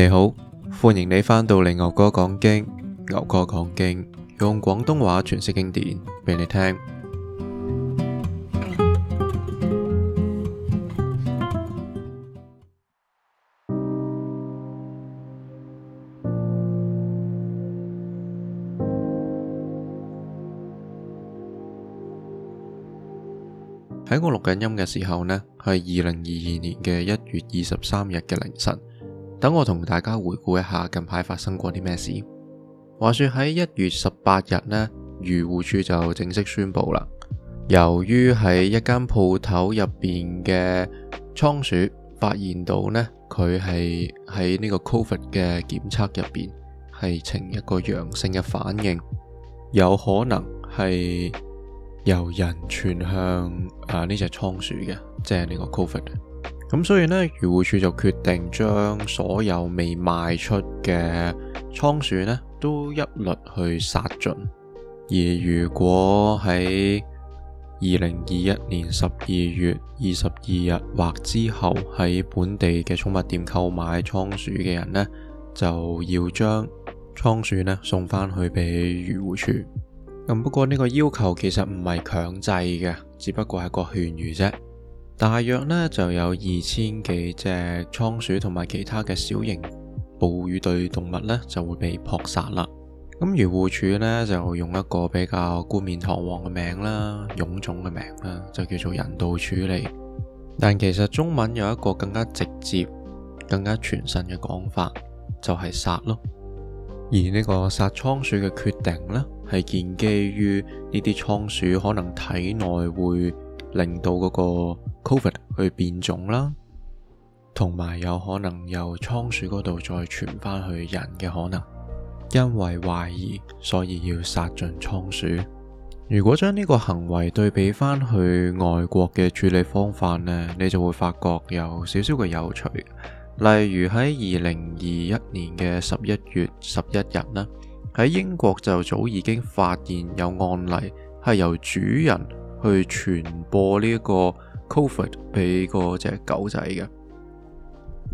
你好，歡迎你返到嚟牛哥講經，牛哥講經，用廣東話詮釋經典畀你聽。喺我錄緊音嘅時候呢，係二零二二年嘅一月二十三日嘅凌晨。等我同大家回顧一下近排發生過啲咩事。話說喺一月十八日呢，漁護處就正式宣布啦，由於喺一間鋪頭入邊嘅倉鼠發現到呢，佢係喺呢個 Covid 嘅檢測入邊係呈一個陽性嘅反應，有可能係由人傳向啊呢隻倉鼠嘅，即係呢個 Covid。咁所以呢，漁護署就決定將所有未賣出嘅倉鼠呢都一律去殺盡。而如果喺二零二一年十二月二十二日或之後喺本地嘅寵物店購買倉鼠嘅人呢，就要將倉鼠呢送翻去俾漁護署。咁、嗯、不過呢個要求其實唔係強制嘅，只不過係個勸喻啫。大約呢就有二千幾隻倉鼠同埋其他嘅小型哺乳類動物呢就會被撲殺啦。咁漁護署呢，就用一個比較冠冕堂皇嘅名啦，臃腫嘅名啦，就叫做人道處理。但其實中文有一個更加直接、更加傳神嘅講法，就係、是、殺咯。而呢個殺倉鼠嘅決定呢，係建基於呢啲倉鼠可能體內會令到嗰、那個。去變種啦，同埋有，有可能由倉鼠嗰度再傳翻去人嘅可能。因為懷疑，所以要殺盡倉鼠。如果將呢個行為對比翻去外國嘅處理方法呢，你就會發覺有少少嘅有趣。例如喺二零二一年嘅十一月十一日啦，喺英國就早已經發現有案例係由主人去傳播呢、呢、一個。Covid 俾嗰隻狗仔嘅，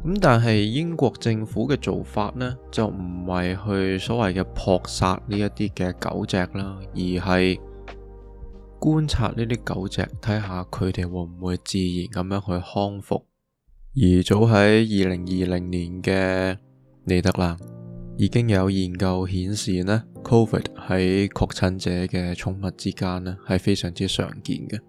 咁但係英國政府嘅做法呢，就唔係去所謂嘅撲殺呢一啲嘅狗隻啦，而係觀察呢啲狗隻，睇下佢哋會唔會自然咁樣去康復。而早喺二零二零年嘅尼德蘭已經有研究顯示呢 Covid 喺確診者嘅寵物之間呢，係非常之常見嘅。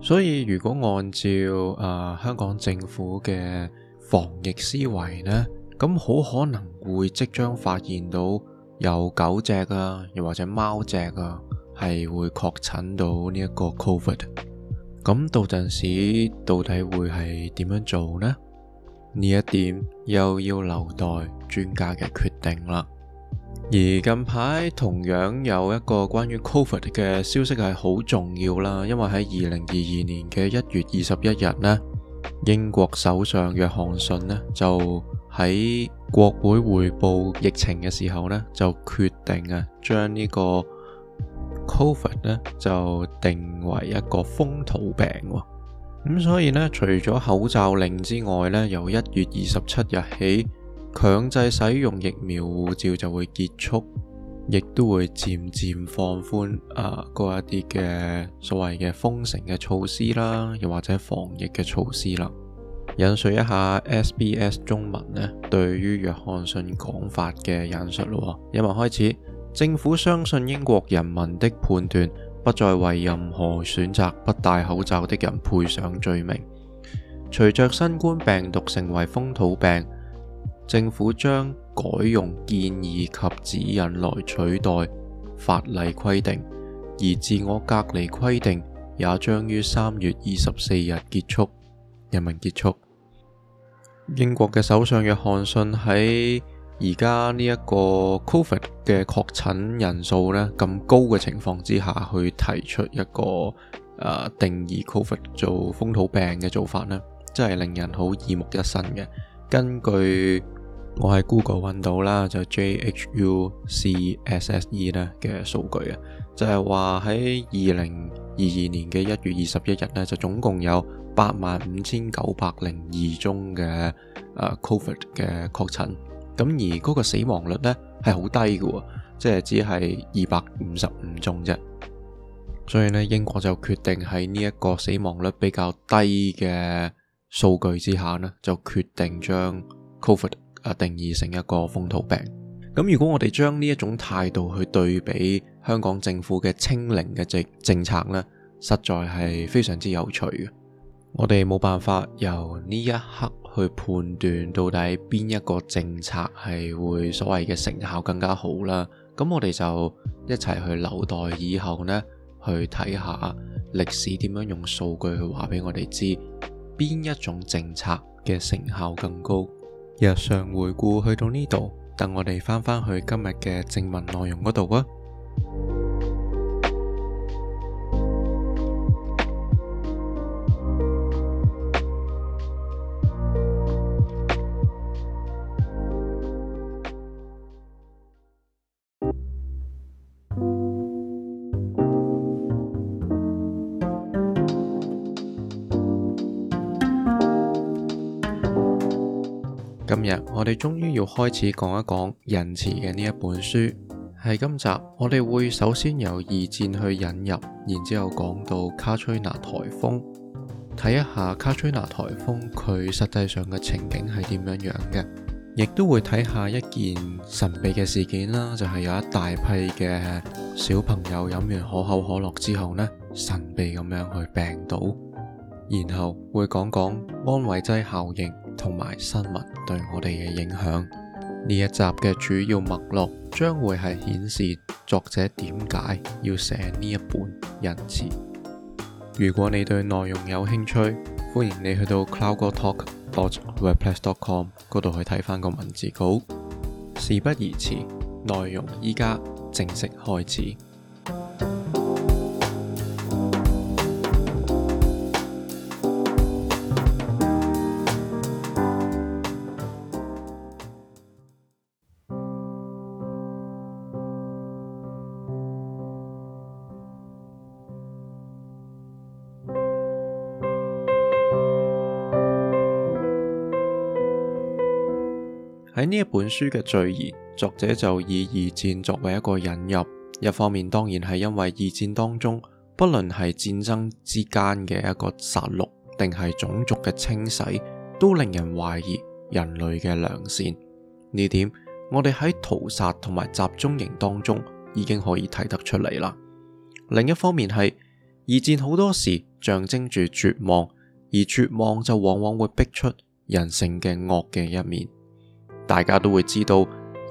所以如果按照啊、呃、香港政府嘅防疫思維呢，咁好可能會即將發現到有狗隻啊，又或者貓隻啊，係會確診到呢一個 Covid。咁到陣時到底會係點樣做呢？呢一點又要留待專家嘅決定啦。而近排同樣有一個關於 Covid 嘅消息係好重要啦，因為喺二零二二年嘅一月二十一日呢，英國首相約翰遜呢就喺國會匯報疫情嘅時候呢就決定啊將呢個 Covid 呢就定為一個風土病喎。咁、嗯、所以呢，除咗口罩令之外呢，由一月二十七日起。強制使用疫苗護照就會結束，亦都會漸漸放寬啊嗰一啲嘅所謂嘅封城嘅措施啦，又或者防疫嘅措施啦。引述一下 SBS 中文呢，對於約翰遜講法嘅引述咯。引文開始，政府相信英國人民的判斷，不再為任何選擇不戴口罩的人配上罪名。隨着新冠病毒成為風土病。政府將改用建議及指引來取代法例規定，而自我隔離規定也將於三月二十四日結束。人民結束。英國嘅首相約翰遜喺而家呢一個 Covid 嘅確診人數呢咁高嘅情況之下，去提出一個誒、呃、定義 Covid 做風土病嘅做法呢真係令人好耳目一新嘅。根據我喺 Google 揾到啦，就 J H U C S S E 咧嘅數據啊，就係話喺二零二二年嘅一月二十一日咧，就總共有八萬五千九百零二宗嘅 Covid 嘅確診。咁而嗰個死亡率咧係好低嘅，即係只係二百五十五宗啫。所以咧，英國就決定喺呢一個死亡率比較低嘅數據之下呢，就決定將 Covid。啊！定義成一個風土病咁，如果我哋將呢一種態度去對比香港政府嘅清零嘅政政策呢，實在係非常之有趣嘅。我哋冇辦法由呢一刻去判斷到底邊一個政策係會所謂嘅成效更加好啦。咁我哋就一齊去留待以後呢，去睇下歷史點樣用數據去話俾我哋知，邊一種政策嘅成效更高。日常回顧去到呢度，等我哋翻返去今日嘅正文內容嗰度啊。今日我哋終於要開始講一講《人慈》嘅呢一本書。喺今集，我哋會首先由二戰去引入，然之後講到卡崔娜台風，睇一下卡崔娜台風佢實際上嘅情景係點樣樣嘅，亦都會睇下一件神秘嘅事件啦，就係、是、有一大批嘅小朋友飲完可口可樂之後呢，神秘咁樣去病倒，然後會講講安慰劑效應。同埋新聞對我哋嘅影響，呢一集嘅主要脈絡將會係顯示作者點解要寫呢一本「人慈」。如果你對內容有興趣，歡迎你去到 cowgortalk.wordpress.com 嗰度去睇翻個文字稿。事不宜遲，內容依家正式開始。一本書嘅序言，作者就以二戰作為一個引入。一方面，當然係因為二戰當中，不論係戰爭之間嘅一個殺戮，定係種族嘅清洗，都令人懷疑人類嘅良善。呢點，我哋喺屠殺同埋集中營當中已經可以睇得出嚟啦。另一方面，係二戰好多時象徵住絕望，而絕望就往往會逼出人性嘅惡嘅一面。大家都會知道，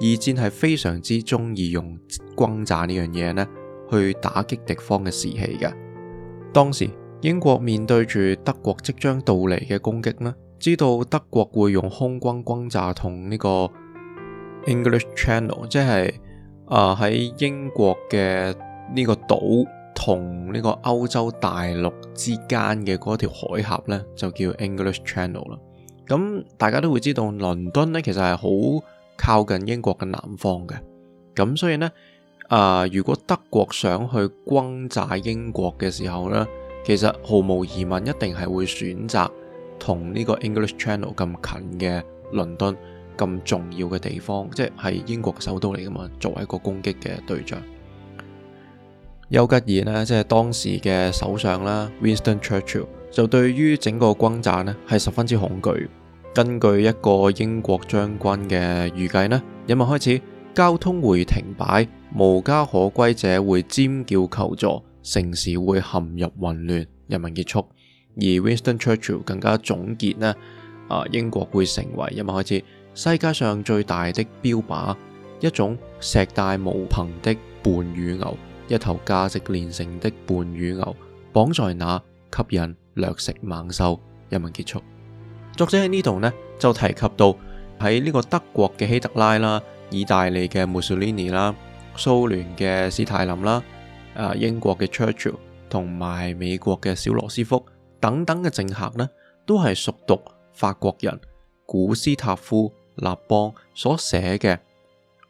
二戰係非常之中意用轟炸呢樣嘢咧，去打擊敵方嘅士氣嘅。當時英國面對住德國即將到嚟嘅攻擊咧，知道德國會用空軍轟，轟炸同呢個 English Channel，即係啊喺英國嘅呢個島同呢個歐洲大陸之間嘅嗰條海峽呢，就叫 English Channel 啦。咁大家都會知道，倫敦呢其實係好靠近英國嘅南方嘅，咁所以呢，啊、呃，如果德國想去轟炸英國嘅時候呢，其實毫無疑問一定係會選擇同呢個 English Channel 咁近嘅倫敦咁重要嘅地方，即係英國首都嚟噶嘛，作為一個攻擊嘅對象。丘吉爾呢，即係當時嘅首相啦，Winston Churchill 就對於整個轟炸呢，係十分之恐懼。根據一個英國將軍嘅預計呢，人民開始，交通會停擺，無家可歸者會尖叫求助，城市會陷入混亂。人民結束，而 Winston Churchill 更加總結呢，啊，英國會成為人民開始，世界上最大的標靶，一種碩大無朋的伴乳牛，一頭價值連城的伴乳牛，綁在那吸引掠食猛獸。人民結束。作者喺呢度呢，就提及到喺呢個德國嘅希特拉啦、意大利嘅墨索里尼啦、蘇聯嘅史太林啦、啊、呃、英國嘅 Churchill 同埋美國嘅小羅斯福等等嘅政客呢，都係熟讀法國人古斯塔夫·立邦所寫嘅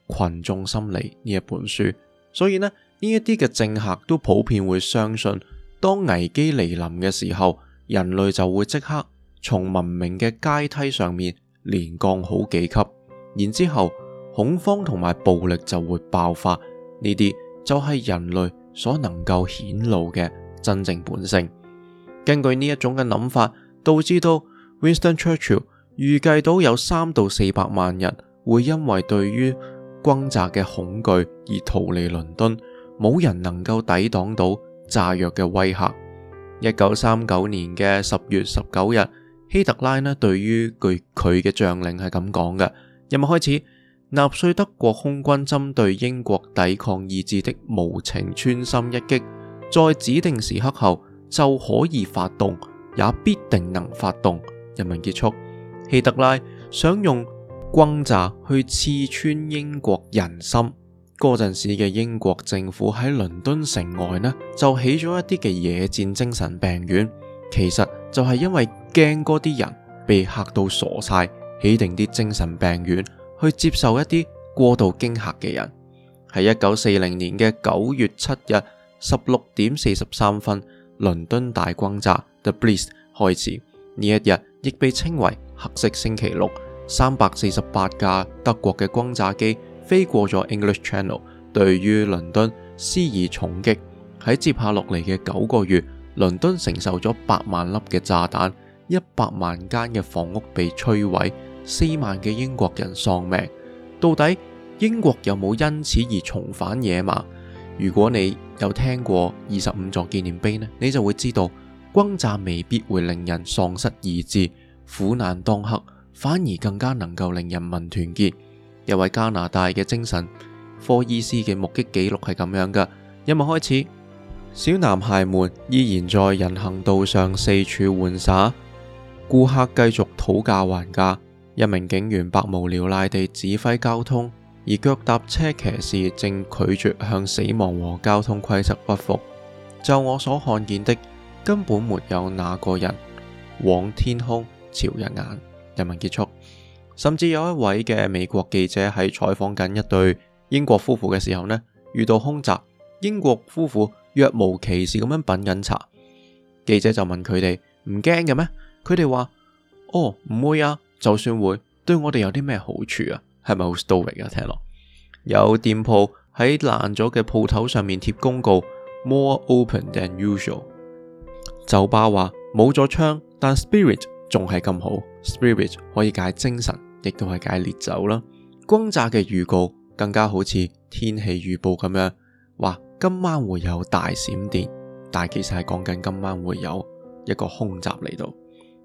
《群眾心理》呢一本書，所以呢，呢一啲嘅政客都普遍會相信，當危機嚟臨嘅時候，人類就會即刻。從文明嘅階梯上面連降好幾級，然之後恐慌同埋暴力就會爆發。呢啲就係人類所能夠顯露嘅真正本性。根據呢一種嘅諗法，導致到 Winston Churchill 預計到有三到四百萬人會因為對於轟炸嘅恐懼而逃離倫敦，冇人能夠抵擋到炸藥嘅威嚇。一九三九年嘅十月十九日。希特拉呢？對於佢，佢嘅將領係咁講嘅。任務開始，納粹德國空軍針對英國抵抗意志的無情穿心一擊，在指定時刻後就可以發動，也必定能發動。任務結束。希特拉想用轟炸去刺穿英國人心。嗰陣時嘅英國政府喺倫敦城外呢就起咗一啲嘅野戰精神病院，其實就係因為。驚嗰啲人被嚇到傻晒，起定啲精神病院去接受一啲過度驚嚇嘅人。喺一九四零年嘅九月七日十六點四十三分，倫敦大轟炸 （The b l i s s 開始。呢一日亦被稱為黑色星期六。三百四十八架德國嘅轟炸機飛過咗 English Channel，對於倫敦施以重擊。喺接下落嚟嘅九個月，倫敦承受咗八萬粒嘅炸彈。一百萬間嘅房屋被摧毀，四萬嘅英國人喪命。到底英國有冇因此而重返野蠻？如果你有聽過二十五座紀念碑呢，你就會知道轟炸未必會令人喪失意志，苦難當刻反而更加能夠令人民團結，有位加拿大嘅精神科醫師嘅目擊記錄係咁樣嘅：今日開始，小男孩們依然在人行道上四處玩耍。顧客繼續討價還價，一名警員百無聊賴地指揮交通，而腳踏車騎士正拒絕向死亡和交通規則屈服。就我所看見的，根本沒有那個人往天空瞧一眼。人民結束，甚至有一位嘅美國記者喺採訪緊一對英國夫婦嘅時候呢，遇到空襲。英國夫婦若無其事咁樣品緊茶，記者就問佢哋唔驚嘅咩？佢哋話：哦，唔會啊！就算會，對我哋有啲咩好處啊？係咪好 story 啊？聽落，有店鋪喺爛咗嘅鋪頭上面貼公告，more open than usual。酒吧話冇咗窗，但 spirit 仲係咁好。spirit 可以解精神，亦都係解烈酒啦。轟炸嘅預告更加好似天氣預報咁樣，話今晚會有大閃電，但其實係講緊今晚會有一個空襲嚟到。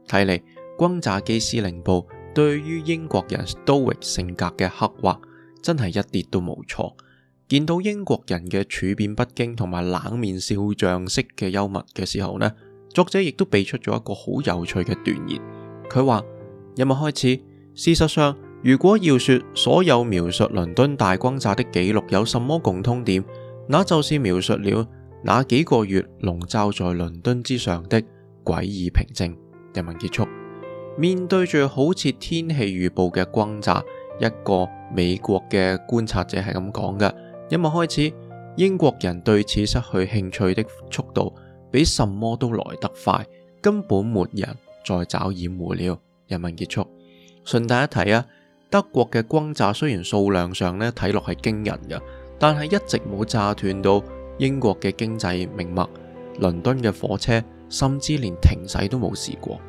睇嚟轟炸機司令部對於英國人 stoic 性格嘅刻畫真係一啲都冇錯。見到英國人嘅處變不驚同埋冷面笑像式嘅幽默嘅時候呢，作者亦都俾出咗一個好有趣嘅斷言。佢話：，今日開始，事實上，如果要說所有描述倫敦大轟炸的記錄有什麼共通點，那就是描述了那幾個月籠罩在倫敦之上的詭異平靜。人民結束，面對住好似天氣預報嘅轟炸，一個美國嘅觀察者係咁講嘅：，因為開始，英國人對此失去興趣的速度，比什麼都來得快，根本沒人再找掩護了。人民結束。順帶一提啊，德國嘅轟炸雖然數量上呢睇落係驚人嘅，但係一直冇炸斷到英國嘅經濟命脈，倫敦嘅火車。甚至連停洗都冇試過。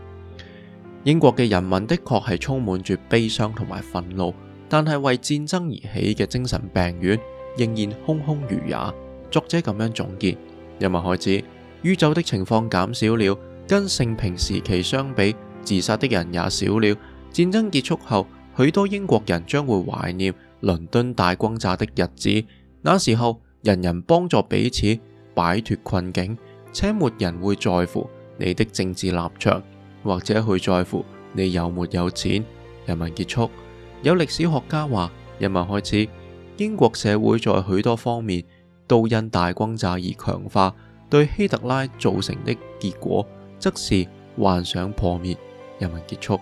英國嘅人民的確係充滿住悲傷同埋憤怒，但係為戰爭而起嘅精神病院仍然空空如也。作者咁樣總結：人民開子宇宙的情況減少了，跟盛平時期相比，自殺的人也少了。戰爭結束後，許多英國人將會懷念倫敦大轟炸的日子，那時候人人幫助彼此，擺脫困境。且沒人會在乎你的政治立場，或者去在乎你有沒有錢。人民結束。有歷史學家話：人民開始，英國社會在許多方面都因大轟炸而強化。對希特拉造成的結果，則是幻想破滅。人民結束。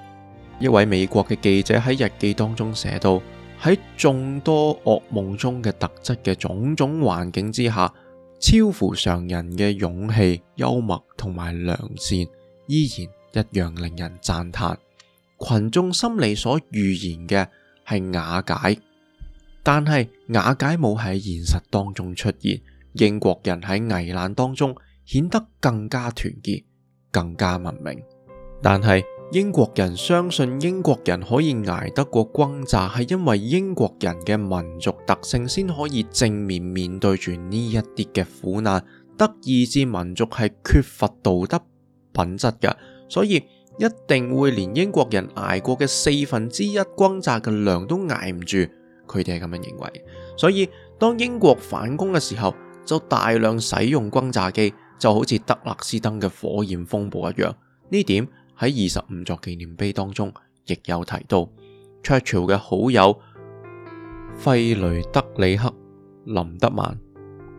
一位美國嘅記者喺日記當中寫到：喺眾多惡夢中嘅特質嘅種種環境之下。超乎常人嘅勇氣、幽默同埋良善，依然一樣令人讚嘆。群眾心理所預言嘅係瓦解，但係瓦解冇喺現實當中出現。英國人喺危難當中顯得更加團結、更加文明，但係。英國人相信英國人可以挨得過轟炸，係因為英國人嘅民族特性先可以正面面對住呢一啲嘅苦難。德意志民族係缺乏道德品質嘅，所以一定會連英國人挨過嘅四分之一轟炸嘅量都挨唔住。佢哋係咁樣認為。所以當英國反攻嘅時候，就大量使用轟炸機，就好似德勒斯登嘅火焰風暴一樣。呢點。喺二十五座紀念碑當中，亦有提到 Churchill 嘅好友費雷德里克林德曼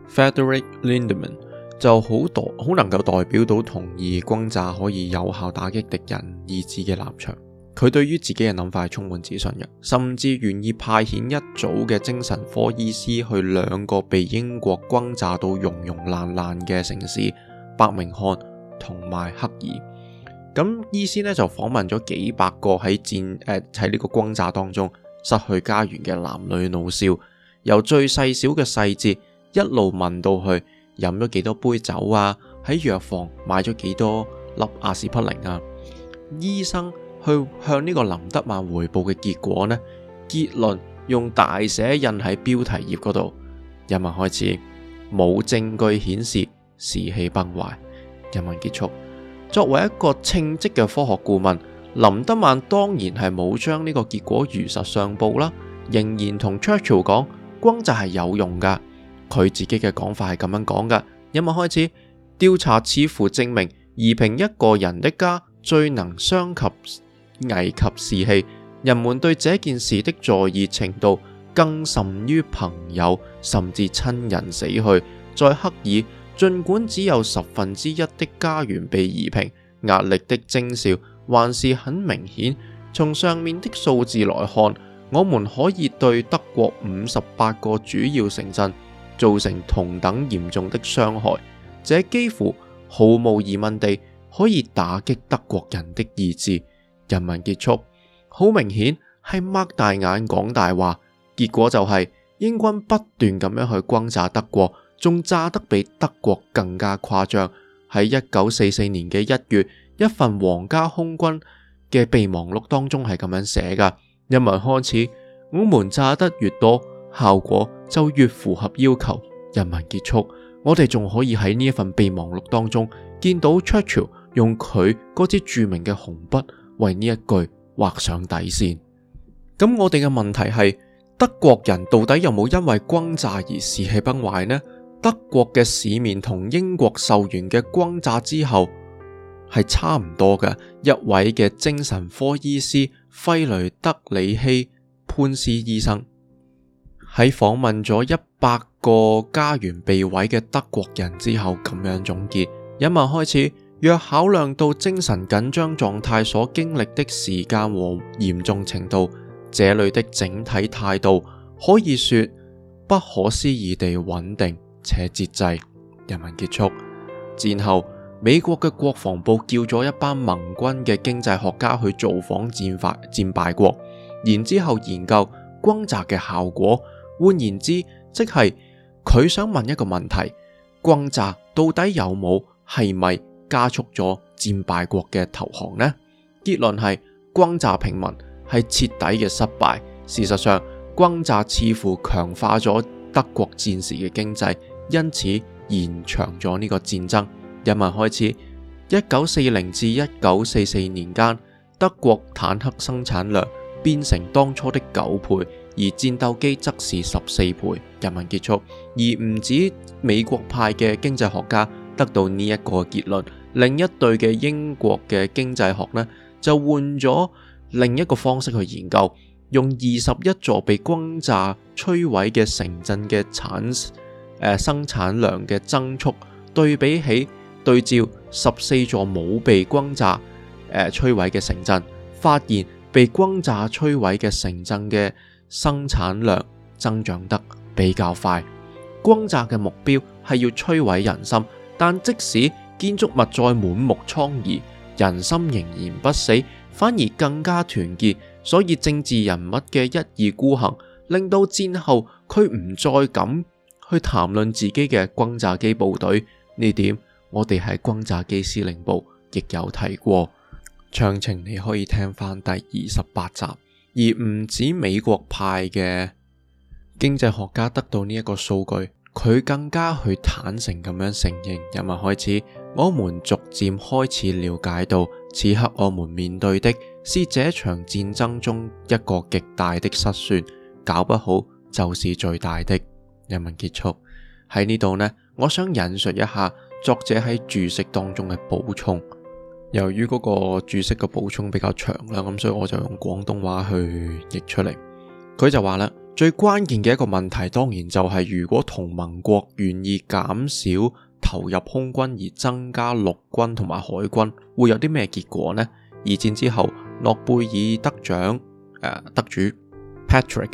（Frederick Lindeman） 就好代好能夠代表到同意轟炸可以有效打擊敵人意志嘅立場。佢對於自己嘅諗法係充滿自信嘅，甚至願意派遣一組嘅精神科醫師去兩個被英國轟炸到溶溶爛爛嘅城市伯明翰同埋黑爾。咁，醫師呢就訪問咗幾百個喺戰，誒，喺呢個轟炸當中失去家園嘅男女老少，由最細小嘅細節一路問到佢飲咗幾多杯酒啊，喺藥房買咗幾多粒阿司匹靈啊。醫生去向呢個林德曼回報嘅結果呢，結論用大寫印喺標題頁嗰度。引文開始，冇證據顯示士氣崩壞。引文結束。作為一個稱職嘅科學顧問，林德曼當然係冇將呢個結果如實上報啦，仍然同 Churchill 講轟就係有用噶。佢自己嘅講法係咁樣講噶。因為開始調查似乎證明，夷平一個人的家最能傷及危及士氣，人們對這件事的在意程度更甚於朋友甚至親人死去。在刻意……儘管只有十分之一的家園被夷平，壓力的徵兆還是很明顯。從上面的數字來看，我們可以對德國五十八個主要城鎮造成同等嚴重的傷害。這幾乎毫無疑問地可以打擊德國人的意志。人民結束，好明顯係擘大眼講大話，結果就係英軍不斷咁樣去轟炸德國。仲炸得比德國更加誇張。喺一九四四年嘅一月，一份皇家空軍嘅備忘錄當中係咁樣寫噶：人民開始，我們炸得越多，效果就越符合要求。人民結束，我哋仲可以喺呢一份備忘錄當中見到 Churchill 用佢嗰支著名嘅紅筆為呢一句畫上底線。咁我哋嘅問題係，德國人到底有冇因為轟炸而士氣崩壞呢？德國嘅市面同英國受完嘅轟炸之後係差唔多嘅。一位嘅精神科醫師，弗雷德里希潘斯醫生喺訪問咗一百個家園被毀嘅德國人之後，咁樣總結：，引文開始，若考量到精神緊張狀態所經歷的時間和嚴重程度，這裏的整體態度可以說不可思議地穩定。且節制人民結束戰後，美國嘅國防部叫咗一班盟軍嘅經濟學家去造訪戰敗戰敗國，然之後研究轟炸嘅效果。換言之，即係佢想問一個問題：轟炸到底有冇係咪加速咗戰敗國嘅投降呢？結論係轟炸平民係徹底嘅失敗。事實上，轟炸似乎強化咗德國戰時嘅經濟。因此延長咗呢個戰爭。人民開始，一九四零至一九四四年間，德國坦克生產量變成當初的九倍，而戰鬥機則是十四倍。人民結束，而唔止美國派嘅經濟學家得到呢一個結論，另一隊嘅英國嘅經濟學呢，就換咗另一個方式去研究，用二十一座被轟炸摧毀嘅城鎮嘅產。誒，生產量嘅增速對比起對照十四座冇被轟炸誒摧毀嘅城鎮，發現被轟炸摧毀嘅城鎮嘅生產量增長得比較快。轟炸嘅目標係要摧毀人心，但即使建築物再滿目瘡痍，人心仍然不死，反而更加團結。所以政治人物嘅一意孤行，令到戰後佢唔再敢去談論自己嘅轟炸機部隊呢點，我哋喺轟炸機司令部亦有提過，詳情你可以聽翻第二十八集。而唔止美國派嘅經濟學家得到呢一個數據，佢更加去坦誠咁樣承認。今日開始，我們逐漸開始了解到，此刻我們面對的是這場戰爭中一個極大的失算，搞不好就是最大的。人民結束喺呢度呢，我想引述一下作者喺注釋當中嘅補充。由於嗰個注釋嘅補充比較長啦，咁所以我就用廣東話去譯出嚟。佢就話啦，最關鍵嘅一個問題，當然就係如果同盟國願意減少投入空軍而增加陸軍同埋海軍，會有啲咩結果呢？二戰之後，諾貝爾得獎，呃，得主 Patrick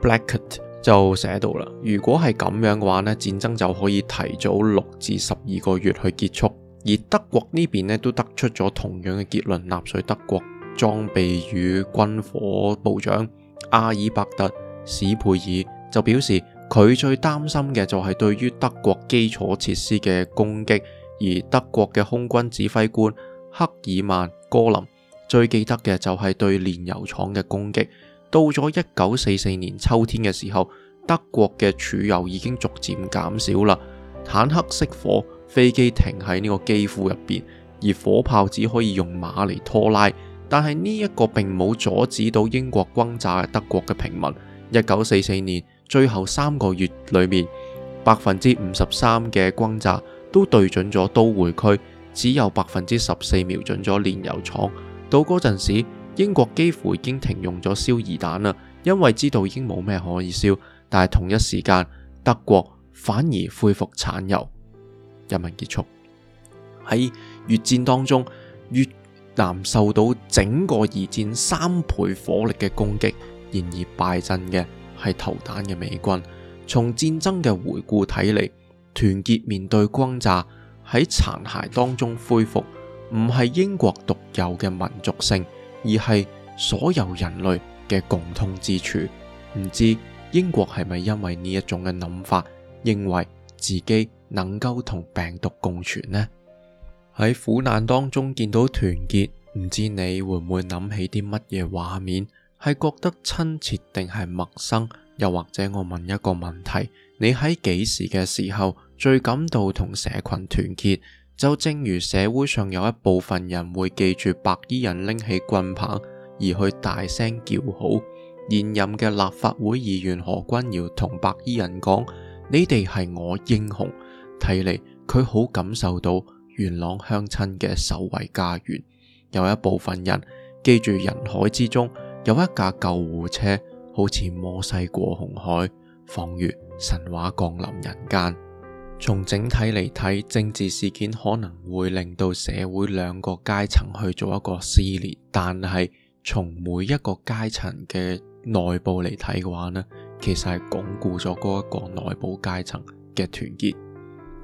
Blackett。就寫到啦。如果係咁樣嘅話呢，戰爭就可以提早六至十二個月去結束。而德國呢邊咧都得出咗同樣嘅結論。納粹德國裝備與軍火部長阿爾伯特史佩爾就表示，佢最擔心嘅就係對於德國基礎設施嘅攻擊。而德國嘅空軍指揮官赫爾曼戈林最記得嘅就係對煉油廠嘅攻擊。到咗一九四四年秋天嘅時候，德國嘅儲油已經逐漸減少啦，坦克熄火，飛機停喺呢個機庫入邊，而火炮只可以用馬嚟拖拉。但係呢一個並冇阻止到英國轟炸德國嘅平民。一九四四年最後三個月裏面，百分之五十三嘅轟炸都對準咗都會區，只有百分之十四瞄準咗煉油廠。到嗰陣時。英國幾乎已經停用咗燒夷彈啦，因為知道已經冇咩可以燒。但係同一時間，德國反而恢復產油。人民結束喺越戰當中，越南受到整個二戰三倍火力嘅攻擊，然而敗陣嘅係投彈嘅美軍。從戰爭嘅回顧睇嚟，團結面對轟炸，喺殘骸當中恢復，唔係英國獨有嘅民族性。而係所有人類嘅共通之處，唔知英國係咪因為呢一種嘅諗法，認為自己能夠同病毒共存呢？喺苦難當中見到團結，唔知你會唔會諗起啲乜嘢畫面？係覺得親切定係陌生？又或者我問一個問題：你喺幾時嘅時候最感到同社群團結？就正如社會上有一部分人會記住白衣人拎起棍棒而去大聲叫好，現任嘅立法會議員何君堯同白衣人講：你哋係我英雄。睇嚟，佢好感受到元朗鄉親嘅守衛家園。有一部分人記住人海之中有一架救護車，好似摩西過紅海，仿如神話降臨人間。從整體嚟睇，政治事件可能會令到社會兩個階層去做一個撕裂，但係從每一個階層嘅內部嚟睇嘅話呢，其實係鞏固咗嗰一個內部階層嘅團結。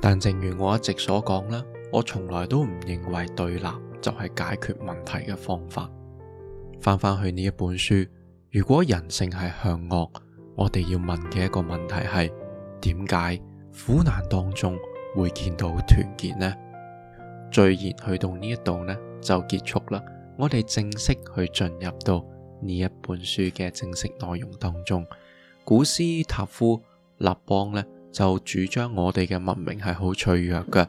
但正如我一直所講啦，我從來都唔認為對立就係解決問題嘅方法。翻翻去呢一本書，如果人性係向惡，我哋要問嘅一個問題係點解？苦難當中會見到團結呢，最然去到呢一度呢就結束啦。我哋正式去進入到呢一本書嘅正式內容當中。古斯塔夫立邦呢就主張我哋嘅文明係好脆弱嘅。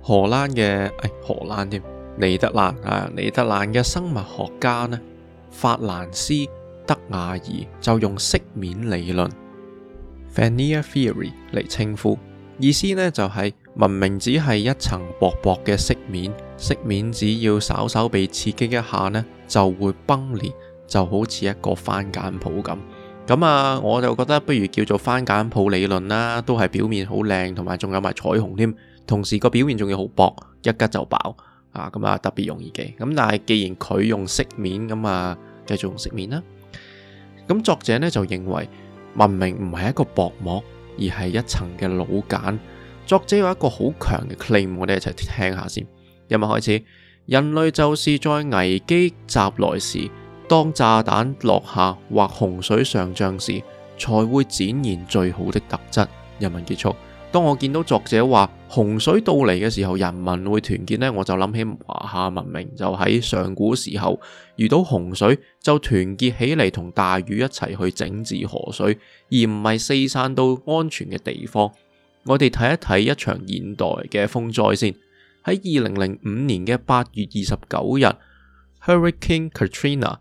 荷蘭嘅誒、哎、荷蘭添尼德蘭啊，尼德蘭嘅生物學家呢，法蘭斯德瓦爾就用飾面理論，Veneer Theory 嚟稱呼，意思呢就係、是、文明只係一層薄薄嘅飾面，飾面只要稍稍被刺激一下呢，就會崩裂，就好似一個番梘泡咁。咁啊，我就覺得不如叫做番梘泡理論啦，都係表面好靚，同埋仲有埋彩虹添，同時個表面仲要好薄，一拮就爆啊！咁啊，特別容易記。咁但係既然佢用飾面，咁啊，繼續用飾面啦。咁作者呢就認為。文明唔係一個薄膜，而係一層嘅老繭。作者有一個好強嘅 claim，我哋一齊聽下先。一文開始，人類就是在危機襲來時，當炸彈落下或洪水上漲時，才會展現最好的特質。一文結束。當我見到作者話洪水到嚟嘅時候，人民會團結呢，我就諗起華夏文明就喺上古時候遇到洪水就團結起嚟，同大禹一齊去整治河水，而唔係四散到安全嘅地方。我哋睇一睇一場現代嘅風災先。喺二零零五年嘅八月二十九日，Hurricane Katrina。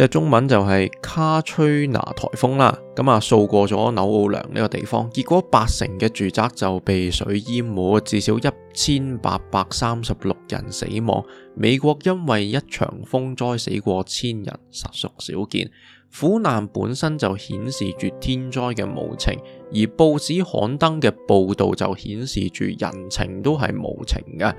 即中文就係卡崔娜颱風啦，咁啊掃過咗紐奧良呢個地方，結果八成嘅住宅就被水淹沒，至少一千八百三十六人死亡。美國因為一場風災死過千人，實屬少見。苦難本身就顯示住天災嘅無情，而報紙刊登嘅報導就顯示住人情都係無情嘅，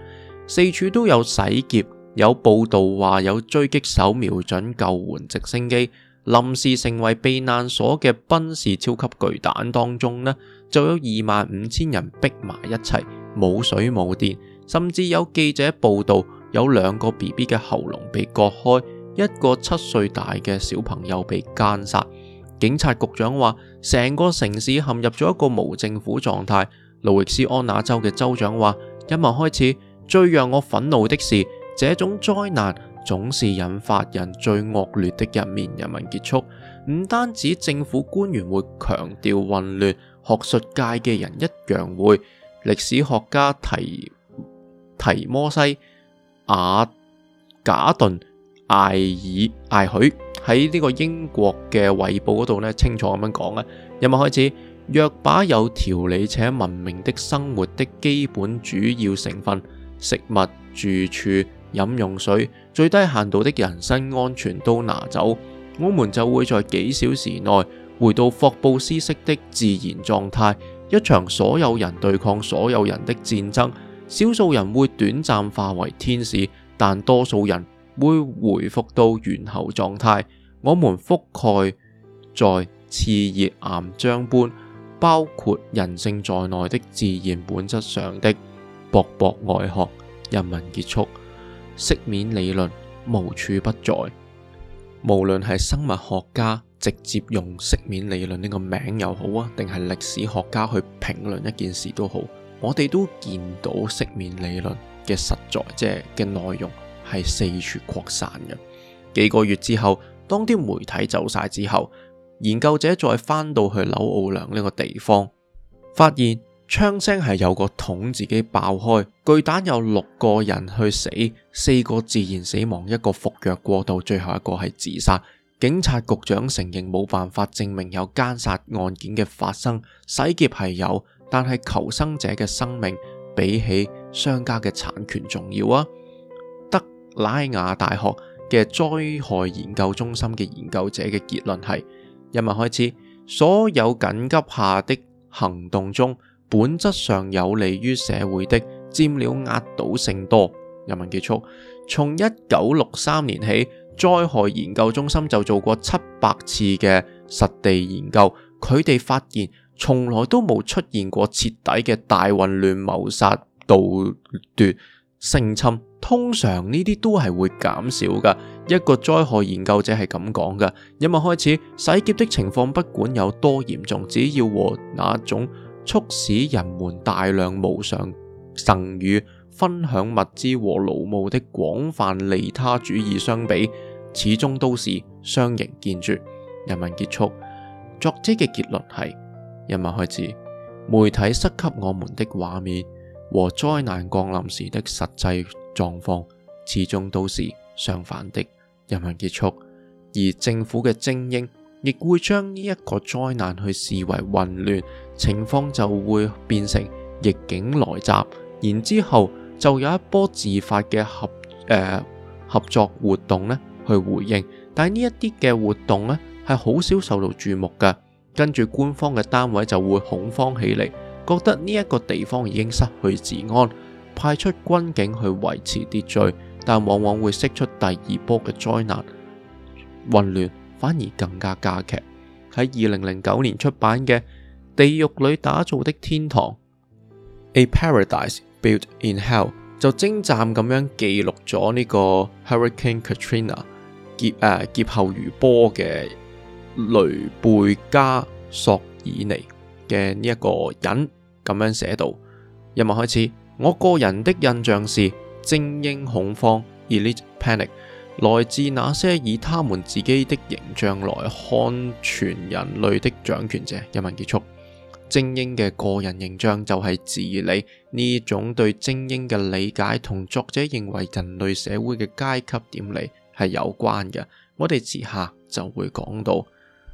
四處都有洗劫。有報道話有狙擊手瞄準救援直升機，臨時成為避難所嘅賓士超級巨蛋當中呢，就有二萬五千人逼埋一齊，冇水冇電，甚至有記者報道有兩個 B B 嘅喉嚨被割開，一個七歲大嘅小朋友被奸殺。警察局長話：成個城市陷入咗一個無政府狀態。路易斯安那州嘅州長話：今日開始，最讓我憤怒的是。這種災難總是引發人最惡劣的一面。人民結束唔單止政府官員會強調混亂，學術界嘅人一樣會。歷史學家提提摩西亞賈頓艾爾艾許喺呢個英國嘅《衛報》嗰度呢，清楚咁樣講咧。今日文開始，若把有條理且文明的生活的基本主要成分食物住處飲用水最低限度的人身安全都拿走，我們就會在幾小時內回到霍布斯式的自然狀態，一場所有人對抗所有人的戰爭。少數人會短暫化為天使，但多數人會回復到猿猴狀態。我們覆蓋在熾熱岩漿般，包括人性在內的自然本質上的薄薄外殼，人民結束。飾面理論無處不在，無論係生物學家直接用飾面理論呢個名又好啊，定係歷史學家去評論一件事都好，我哋都見到飾面理論嘅實在，即係嘅內容係四處擴散嘅。幾個月之後，當啲媒體走晒之後，研究者再翻到去紐奧良呢個地方，發現。槍聲係有個桶自己爆開，巨蛋有六個人去死，四個自然死亡，一個服藥過度，最後一個係自殺。警察局長承認冇辦法證明有姦殺案件嘅發生，洗劫係有，但係求生者嘅生命比起商家嘅產權重要啊。德拉亞大學嘅災害研究中心嘅研究者嘅結論係：一問開始所有緊急下的行動中，本質上有利於社會的占了壓倒性多。人民結束。從一九六三年起，災害研究中心就做過七百次嘅實地研究。佢哋發現，從來都冇出現過徹底嘅大混亂、謀殺、盜奪、性侵。通常呢啲都係會減少㗎。一個災害研究者係咁講㗎。因為開始，洗劫的情況，不管有多嚴重，只要和那種。促使人們大量無償贈與、分享物資和勞務的廣泛利他主義相比，始終都是相形見絀。人民結束。作者嘅結論係：人民開始，媒體塞給我們的畫面和災難降臨時的實際狀況始終都是相反的。人民結束，而政府嘅精英。亦會將呢一個災難去視為混亂情況，就會變成逆境來襲，然之後就有一波自發嘅合誒、呃、合作活動咧去回應。但係呢一啲嘅活動咧係好少受到注目噶，跟住官方嘅單位就會恐慌起嚟，覺得呢一個地方已經失去治安，派出軍警去維持秩序，但往往會釋出第二波嘅災難混亂。反而更加加劇。喺二零零九年出版嘅《地獄裡打造的天堂》（A Paradise Built in Hell） 就精湛咁樣記錄咗呢個 Hurricane Katrina 劫誒劫後餘波嘅雷貝加索爾尼嘅呢一個人咁樣寫道。一幕開始，我個人的印象是精英恐慌 （Elite Panic）。來自那些以他們自己的形象來看全人類的掌權者。一問結束，精英嘅個人形象就係治理，呢種對精英嘅理解，同作者認為人類社會嘅階級點理係有關嘅。我哋接下就會講到，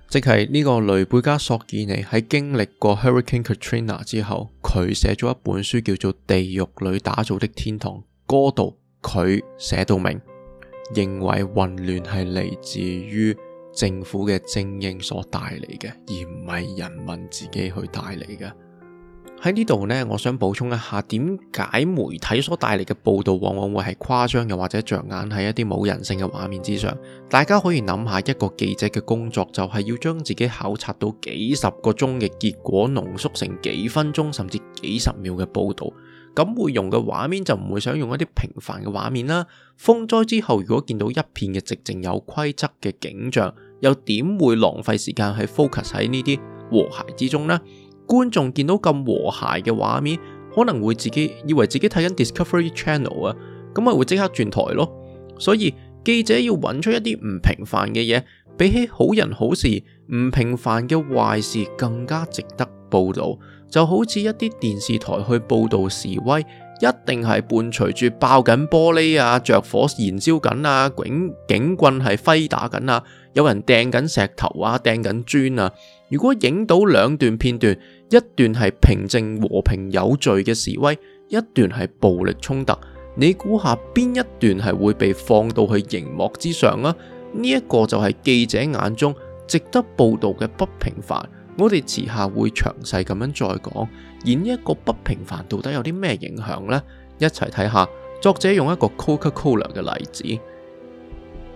即係呢個雷貝加索爾尼喺經歷過 Hurricane Katrina 之後，佢寫咗一本書叫做《地獄裏打造的天堂》，嗰度佢寫到明。認為混亂係嚟自於政府嘅精英所帶嚟嘅，而唔係人民自己去帶嚟嘅。喺呢度呢，我想補充一下，點解媒體所帶嚟嘅報道往往會係誇張，又或者着眼喺一啲冇人性嘅畫面之上？大家可以諗下，一個記者嘅工作就係要將自己考察到幾十個鐘嘅結果濃縮成幾分鐘，甚至幾十秒嘅報道。咁會用嘅畫面就唔會想用一啲平凡嘅畫面啦。風災之後，如果見到一片嘅寂靜有規則嘅景象，又點會浪費時間去 focus 喺呢啲和諧之中呢？觀眾見到咁和諧嘅畫面，可能會自己以為自己睇緊 Discovery Channel 啊，咁咪會即刻轉台咯。所以記者要揾出一啲唔平凡嘅嘢，比起好人好事，唔平凡嘅壞事更加值得報道。就好似一啲電視台去報道示威，一定係伴隨住爆緊玻璃啊、着火燃燒緊啊、警棍係揮打緊啊、有人掟緊石頭啊、掟緊磚啊。如果影到兩段片段，一段係平靜和平有序嘅示威，一段係暴力衝突，你估下邊一段係會被放到去熒幕之上啊？呢一個就係記者眼中值得報道嘅不平凡。我哋遲下會詳細咁樣再講，而呢一個不平凡到底有啲咩影響呢？一齊睇下作者用一個 Coca-Cola 嘅例子。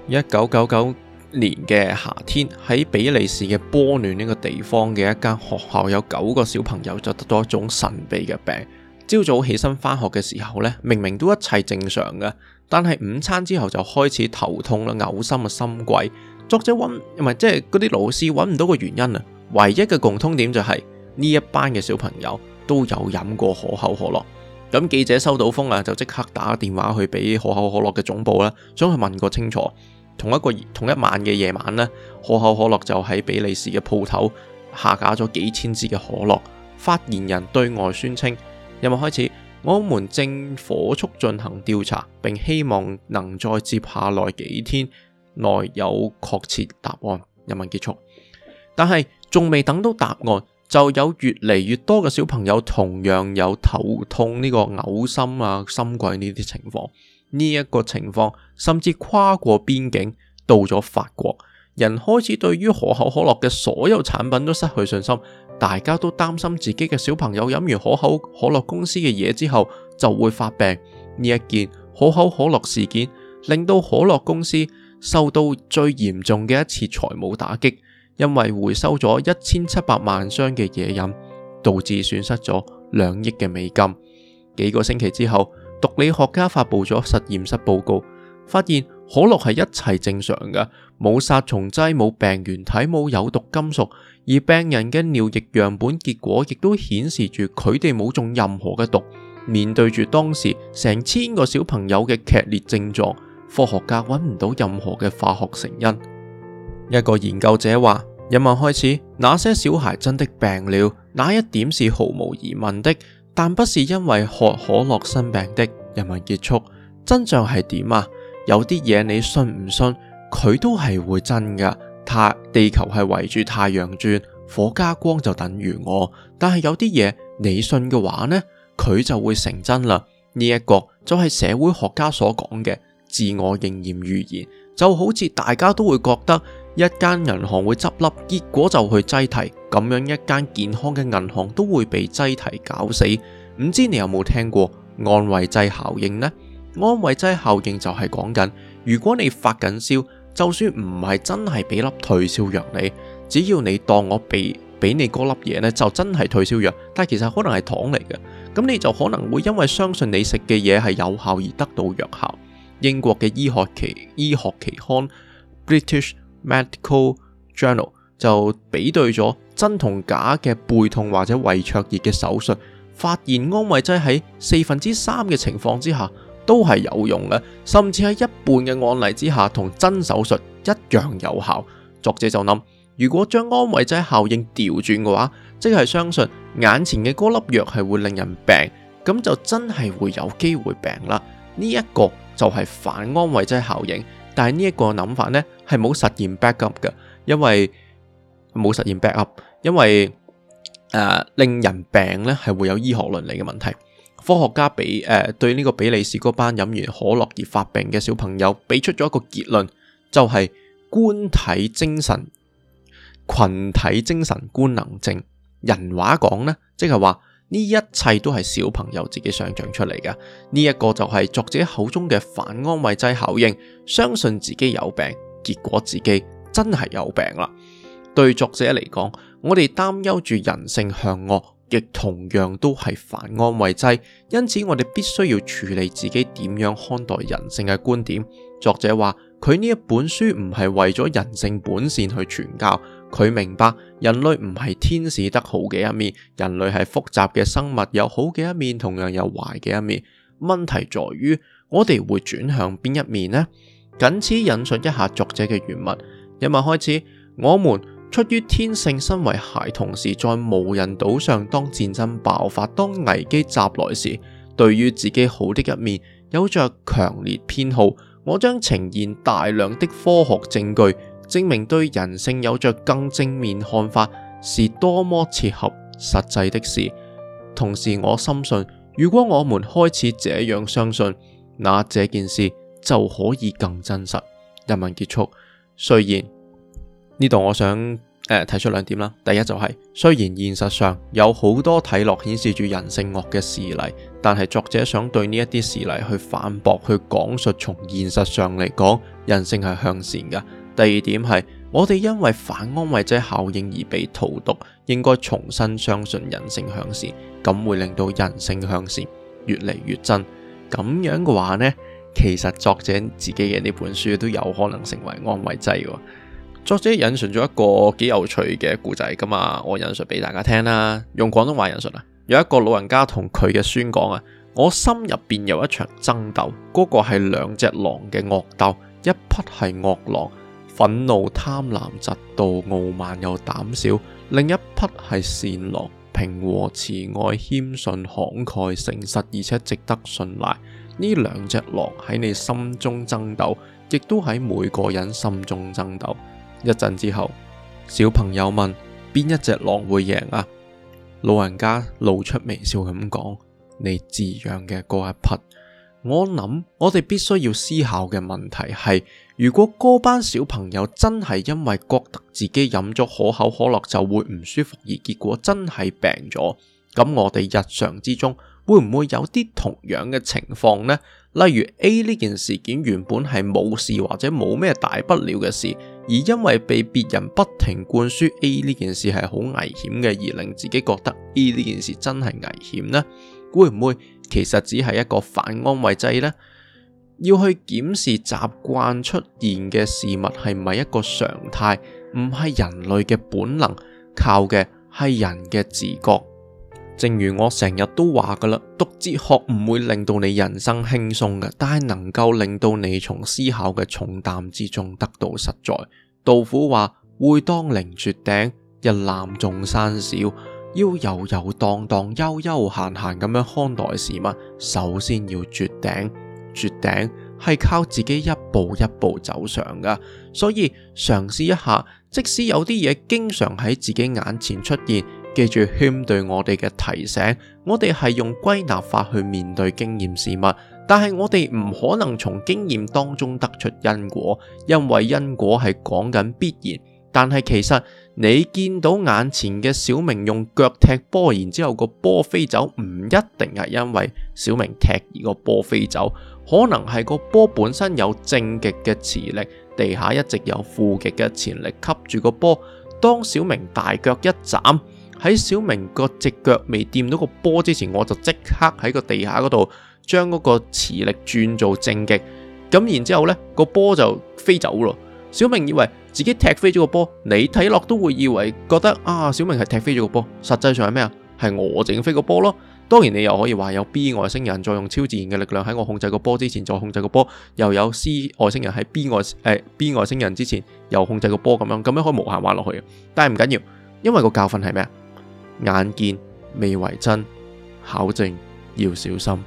一九九九年嘅夏天，喺比利時嘅波暖呢個地方嘅一間學校，有九個小朋友就得到一種神秘嘅病。朝早起身翻學嘅時候呢，明明都一切正常嘅，但係午餐之後就開始頭痛啦、嘔心啊、心悸。作者揾唔係即係嗰啲老師揾唔到個原因啊！唯一嘅共通點就係、是、呢一班嘅小朋友都有飲過可口可樂。咁記者收到風啦，就即刻打電話去俾可口可樂嘅總部啦，想去問個清楚。同一個同一晚嘅夜晚呢，可口可樂就喺比利時嘅鋪頭下架咗幾千支嘅可樂。發言人對外宣稱：新聞開始，我們正火速進行調查，並希望能在接下來幾天內有確切答案。新聞結束。但係，仲未等到答案，就有越嚟越多嘅小朋友同樣有頭痛呢個嘔心啊、心悸呢啲情況。呢、這、一個情況甚至跨過邊境到咗法國，人開始對於可口可樂嘅所有產品都失去信心，大家都擔心自己嘅小朋友飲完可口可樂公司嘅嘢之後就會發病。呢一件可口可樂事件令到可樂公司受到最嚴重嘅一次財務打擊。因為回收咗一千七百萬箱嘅嘢飲，導致損失咗兩億嘅美金。幾個星期之後，毒理學家發布咗實驗室報告，發現可樂係一切正常嘅，冇殺蟲劑、冇病原體、冇有，有毒金屬。而病人嘅尿液樣本結果亦都顯示住佢哋冇中任何嘅毒。面對住當時成千個小朋友嘅劇烈症狀，科學家揾唔到任何嘅化學成因。一個研究者話。人民開始，那些小孩真的病了，那一點是毫無疑問的，但不是因為喝可樂生病的。人民結束，真相係點啊？有啲嘢你信唔信，佢都係會真噶。太地球係圍住太陽轉，火加光就等於我。但係有啲嘢你信嘅話呢，佢就會成真啦。呢、這、一個就係社會學家所講嘅自我應驗預言，就好似大家都會覺得。一間銀行會執笠，結果就去擠提咁樣一間健康嘅銀行都會被擠提搞死。唔知你有冇聽過安慰劑效應呢？安慰劑效應就係講緊，如果你發緊燒，就算唔係真係俾粒退燒藥你，只要你當我俾俾你嗰粒嘢呢，就真係退燒藥。但其實可能係糖嚟嘅，咁你就可能會因為相信你食嘅嘢係有效而得到藥效。英國嘅醫學期醫學期刊 British。Medical Journal 就比對咗真同假嘅背痛或者胃灼熱嘅手術，發現安慰劑喺四分之三嘅情況之下都係有用嘅，甚至喺一半嘅案例之下同真手術一樣有效。作者就諗，如果將安慰劑效應調轉嘅話，即係相信眼前嘅嗰粒藥係會令人病，咁就真係會有機會病啦。呢一個就係反安慰劑效應。但係呢一個諗法呢，係冇實現 back up 嘅，因為冇實現 back up，因為誒、呃、令人病呢係會有醫學倫理嘅問題。科學家比誒、呃、對呢個比利時嗰班飲完可樂而發病嘅小朋友，俾出咗一個結論，就係、是、官體精神群體精神官能症。人話講呢，即係話。呢一切都係小朋友自己想象出嚟噶，呢一個就係作者口中嘅反安慰劑效應，相信自己有病，結果自己真係有病啦。對作者嚟講，我哋擔憂住人性向惡，亦同樣都係反安慰劑。因此，我哋必須要處理自己點樣看待人性嘅觀點。作者話佢呢一本書唔係為咗人性本善去傳教。佢明白人類唔係天使得好嘅一面，人類係複雜嘅生物，有好嘅一面，同樣有壞嘅一面。問題在於我哋會轉向邊一面呢？僅此引述一下作者嘅原文：，因文開始，我們出於天性，身為孩童時，在無人島上，當戰爭爆發，當危機襲來時，對於自己好的一面，有着強烈偏好。我將呈現大量的科學證據。證明對人性有着更正面看法是多麼切合實際的事。同時，我深信，如果我們開始這樣相信，那這件事就可以更真實。人民結束。雖然呢度，我想誒、呃、提出兩點啦。第一就係、是、雖然現實上有好多睇落顯示住人性惡嘅事例，但係作者想對呢一啲事例去反駁，去講述從現實上嚟講，人性係向善㗎。第二點係，我哋因為反安慰劑效應而被荼毒，應該重新相信人性向善，咁會令到人性向善越嚟越真。咁樣嘅話呢，其實作者自己嘅呢本書都有可能成為安慰劑。作者引述咗一個幾有趣嘅故仔噶嘛，我引述俾大家聽啦，用廣東話引述啊。有一個老人家同佢嘅孫講啊，我心入邊有一場爭鬥，嗰、嗰個係兩隻狼嘅惡鬥，一匹係惡狼。憤怒、貪婪、嫉妒、傲慢又膽小，另一匹係善狼，平和、慈愛、謙遜、慷慨、誠實，而且值得信賴。呢兩隻狼喺你心中爭鬥，亦都喺每個人心中爭鬥。一陣之後，小朋友問：邊一隻狼會贏啊？老人家露出微笑咁講：你飼養嘅嗰一匹。我諗，我哋必須要思考嘅問題係，如果嗰班小朋友真係因為覺得自己飲咗可口可樂就會唔舒服，而結果真係病咗，咁我哋日常之中會唔會有啲同樣嘅情況呢？例如 A 呢件事件原本係冇事或者冇咩大不了嘅事，而因為被別人不停灌輸 A 呢件事係好危險嘅，而令自己覺得 A 呢件事真係危險呢？會唔會？其實只係一個反安慰劑啦，要去檢視習慣出現嘅事物係咪一個常態，唔係人類嘅本能，靠嘅係人嘅自覺。正如我成日都話㗎喇，讀哲學唔會令到你人生輕鬆嘅，但係能夠令到你從思考嘅重擔之中得到實在。杜甫話：會當凌絕頂，一覽眾山小。要游游蕩蕩、悠悠閒閒咁樣看待事物，首先要絕頂，絕頂係靠自己一步一步走上㗎。所以嘗試一下，即使有啲嘢經常喺自己眼前出現，記住謙對我哋嘅提醒，我哋係用歸納法去面對經驗事物，但係我哋唔可能從經驗當中得出因果，因為因果係講緊必然，但係其實。你見到眼前嘅小明用腳踢波，然之後個波飛走，唔一定係因為小明踢而個波飛走，可能係個波本身有正極嘅磁力，地下一直有負極嘅磁力吸住個波。當小明大腳一斬，喺小明個隻腳未掂到個波之前，我就即刻喺個地下嗰度將嗰個磁力轉做正極，咁然之後咧，個波就飛走咯。小明以為。自己踢飛咗個波，你睇落都會以為覺得啊，小明係踢飛咗個波。實際上係咩啊？係我整飛個波咯。當然你又可以話有 B 外星人在用超自然嘅力量喺我控制個波之前再控制個波，又有 C 外星人喺 B 外誒、呃、B 外星人之前又控制個波咁樣，咁樣可以無限玩落去，但係唔緊要，因為個教訓係咩？眼見未為真，考證要小心。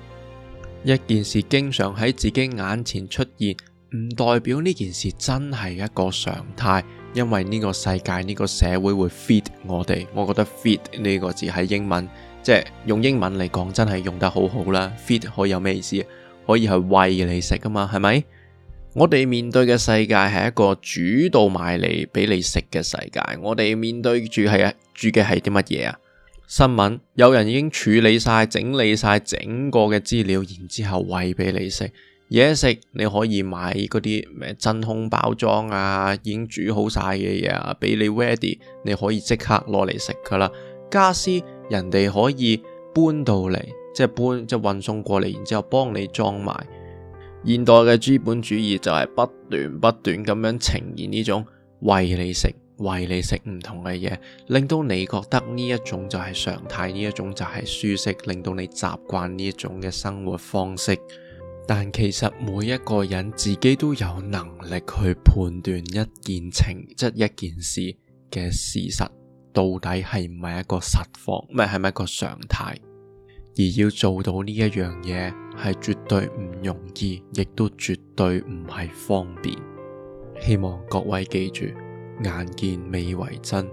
一件事經常喺自己眼前出現。唔代表呢件事真係一個常態，因為呢個世界呢、呢個社會會 feed 我哋。我覺得 feed 呢個字喺英文，即係用英文嚟講真係用得好好啦。feed 可以有咩意思？可以係喂你食啊嘛？係咪？我哋面對嘅世界係一個主導埋嚟俾你食嘅世界。我哋面對住係啊，住嘅係啲乜嘢啊？新聞有人已經處理晒、整理晒整個嘅資料，然之後喂俾你食。嘢食你可以買嗰啲咩真空包裝啊，已經煮好晒嘅嘢啊，俾你 ready，你可以即刻攞嚟食噶啦。家私人哋可以搬到嚟，即係搬即係運送過嚟，然之後幫你裝埋。現代嘅資本主義就係不斷不斷咁樣呈現呢種喂你食，喂你食唔同嘅嘢，令到你覺得呢一種就係常態，呢一種就係舒適，令到你習慣呢一種嘅生活方式。但其實每一個人自己都有能力去判斷一件情，即、就是、一件事嘅事實，到底係唔係一個實況，唔係係咪一個常態。而要做到呢一樣嘢，係絕對唔容易，亦都絕對唔係方便。希望各位記住，眼見未為真，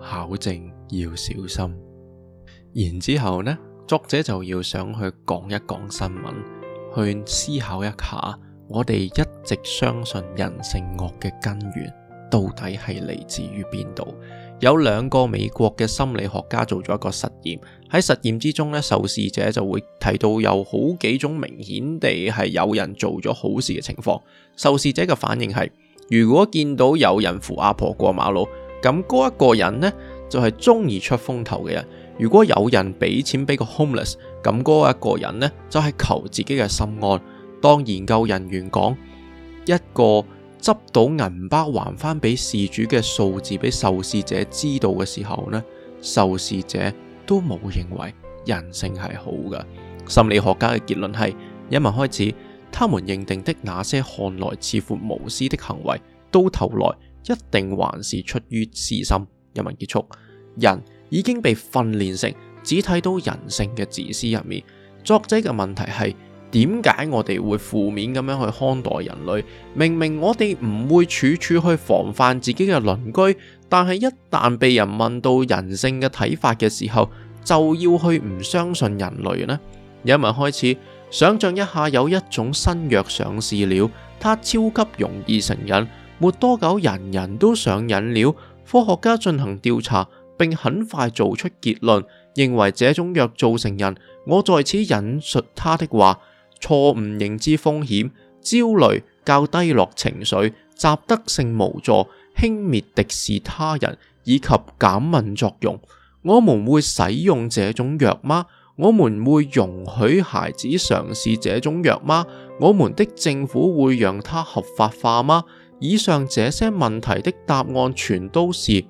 考證要小心。然之後呢，作者就要想去講一講新聞。去思考一下，我哋一直相信人性惡嘅根源，到底係嚟自於邊度？有兩個美國嘅心理學家做咗一個實驗，喺實驗之中咧，受試者就會提到有好幾種明顯地係有人做咗好事嘅情況，受試者嘅反應係，如果見到有人扶阿婆過馬路，咁嗰一個人咧就係中意出風頭嘅人；如果有人俾錢俾個 homeless。咁嗰個一個人呢，就係、是、求自己嘅心安。當研究人員講一個執到銀包還翻俾事主嘅數字俾受試者知道嘅時候呢，受試者都冇認為人性係好嘅。心理學家嘅結論係：一文開始，他們認定的那些看來似乎無私的行為，到頭來一定還是出於私心。一文結束，人已經被訓練成。只睇到人性嘅自私入面。作者嘅問題係點解我哋會負面咁樣去看待人類？明明我哋唔會處處去防範自己嘅鄰居，但係一旦被人問到人性嘅睇法嘅時候，就要去唔相信人類呢？有一文開始，想象一下，有一種新藥上市了，它超級容易成癮，沒多久人人都上癮了。科學家進行調查，並很快做出結論。認為這種藥造成人，我在此引述他的話：錯誤認知風險、焦慮、較低落情緒、習得性無助、輕蔑敵視他人以及減敏作用。我們會使用這種藥嗎？我們會容許孩子嘗試這種藥嗎？我們的政府會讓它合法化嗎？以上這些問題的答案全都是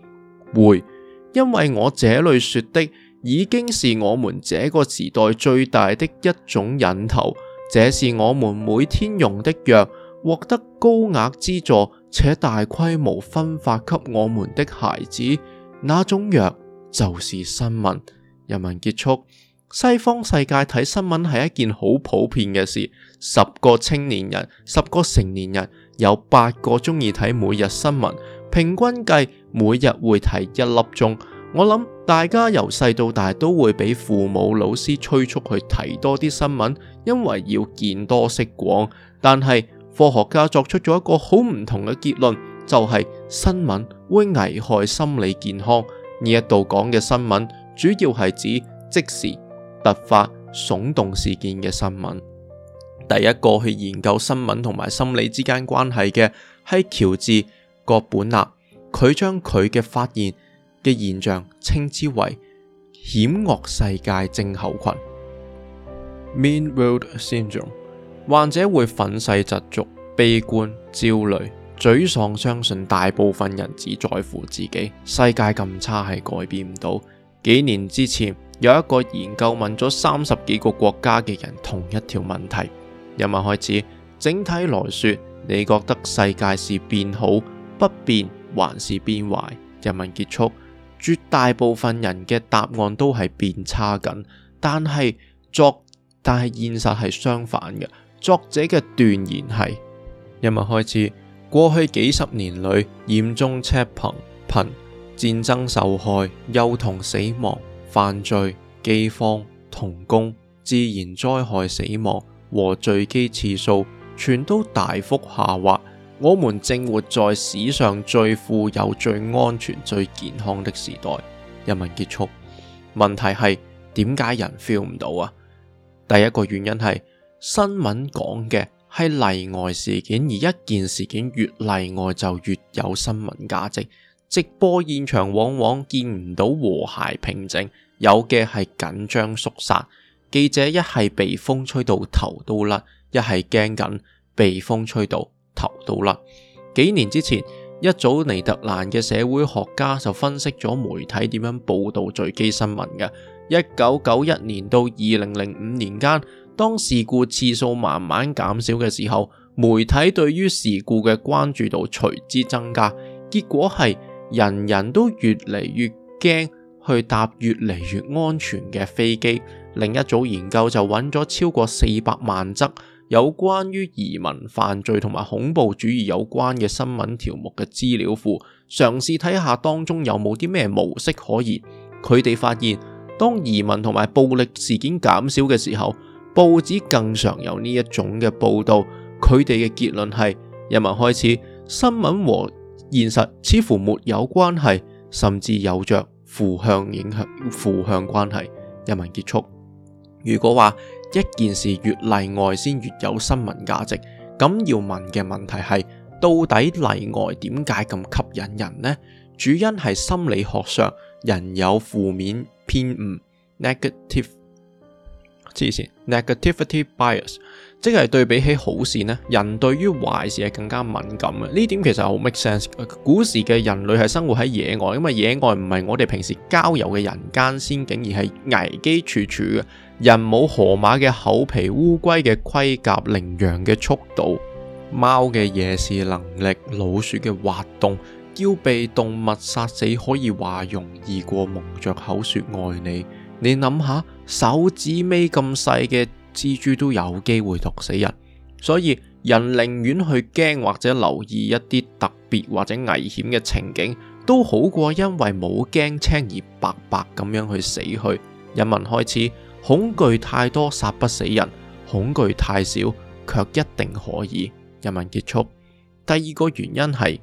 會，因為我這裏說的。已經是我們這個時代最大的一種引頭，這是我們每天用的藥，獲得高額資助且大規模分發給我們的孩子，那種藥就是新聞。人民結束，西方世界睇新聞係一件好普遍嘅事，十個青年人、十個成年人有八個鍾意睇每日新聞，平均計每日會睇一粒鐘。我諗大家由細到大都會俾父母、老師催促去睇多啲新聞，因為要見多識廣。但係科學家作出咗一個好唔同嘅結論，就係、是、新聞會危害心理健康。呢一度講嘅新聞，主要係指即時突發聳動事件嘅新聞。第一個去研究新聞同埋心理之間關係嘅係喬治葛本納，佢將佢嘅發現。嘅現象稱之為險惡世界症候群 （Mean World Syndrome）。患者會憤世嫉俗、悲觀、焦慮、沮喪，相信大部分人只在乎自己，世界咁差係改變唔到。幾年之前有一個研究問咗三十幾個國家嘅人同一條問題：人民開始，整體來説，你覺得世界是變好、不變還是變壞？人民結束。絕大部分人嘅答案都係變差緊，但係作但係現實係相反嘅。作者嘅斷言係：今日文開始，過去幾十年裏，嚴重赤貧、貧戰爭受害、幼童死亡、犯罪、饑荒、童工、自然災害死亡和墜機次數，全都大幅下滑。我們正活在史上最富有、最安全、最健康的時代。一文結束，問題係點解人 feel 唔到啊？第一個原因係新聞講嘅係例外事件，而一件事件越例外就越有新聞價值。直播現場往往見唔到和諧平靜，有嘅係緊張肅殺。記者一係被風吹到頭都甩，一係驚緊被風吹到。頭到啦！幾年之前，一組尼特蘭嘅社會學家就分析咗媒體點樣報道墜機新聞嘅。一九九一年到二零零五年間，當事故次數慢慢減少嘅時候，媒體對於事故嘅關注度隨之增加。結果係人人都越嚟越驚去搭越嚟越安全嘅飛機。另一組研究就揾咗超過四百萬則。有關於移民犯罪同埋恐怖主義有關嘅新聞條目嘅資料庫，嘗試睇下當中有冇啲咩模式可言。佢哋發現，當移民同埋暴力事件減少嘅時候，報紙更常有呢一種嘅報道。佢哋嘅結論係：引文開始，新聞和現實似乎沒有關係，甚至有着負向影響、負向關係。引文結束。如果話。一件事越例外先越有新聞價值，咁要問嘅問題係，到底例外點解咁吸引人呢？主因係心理學上，人有負面偏誤，Negative。黐線，negativity bias，即係對比起好事呢，人對於壞事係更加敏感嘅。呢點其實好 make sense。古時嘅人類係生活喺野外，因為野外唔係我哋平時郊遊嘅人間仙境，而係危機處處嘅。人冇河馬嘅厚皮、烏龜嘅盔甲、羚羊嘅速度、貓嘅夜視能力、老鼠嘅滑動，要被動物殺死可以話容易過蒙着口説愛你。你諗下？手指尾咁細嘅蜘蛛都有機會毒死人，所以人寧願去驚或者留意一啲特別或者危險嘅情景，都好過因為冇驚青而白白咁樣去死去。引文開始，恐懼太多殺不死人，恐懼太少卻一定可以。引文結束，第二個原因係。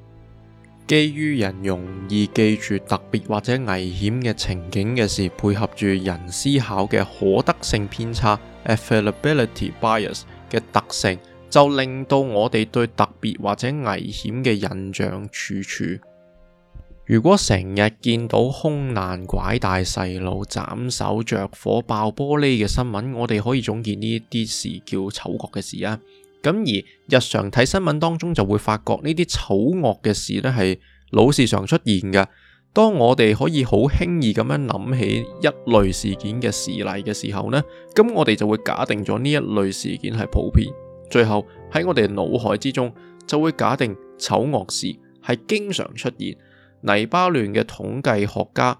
基於人容易記住特別或者危險嘅情景嘅事，配合住人思考嘅可得性偏差 （availability bias） 嘅特性，就令到我哋對特別或者危險嘅印象處處。如果成日見到空難拐帶細路、斬手、着火、爆玻璃嘅新聞，我哋可以總結呢啲事叫醜惡嘅事啊。咁而日常睇新聞當中，就會發覺呢啲醜惡嘅事呢係老是常出現嘅。當我哋可以好輕易咁樣諗起一類事件嘅事例嘅時候呢，咁我哋就會假定咗呢一類事件係普遍。最後喺我哋腦海之中就會假定醜惡事係經常出現。黎巴嫩嘅統計學家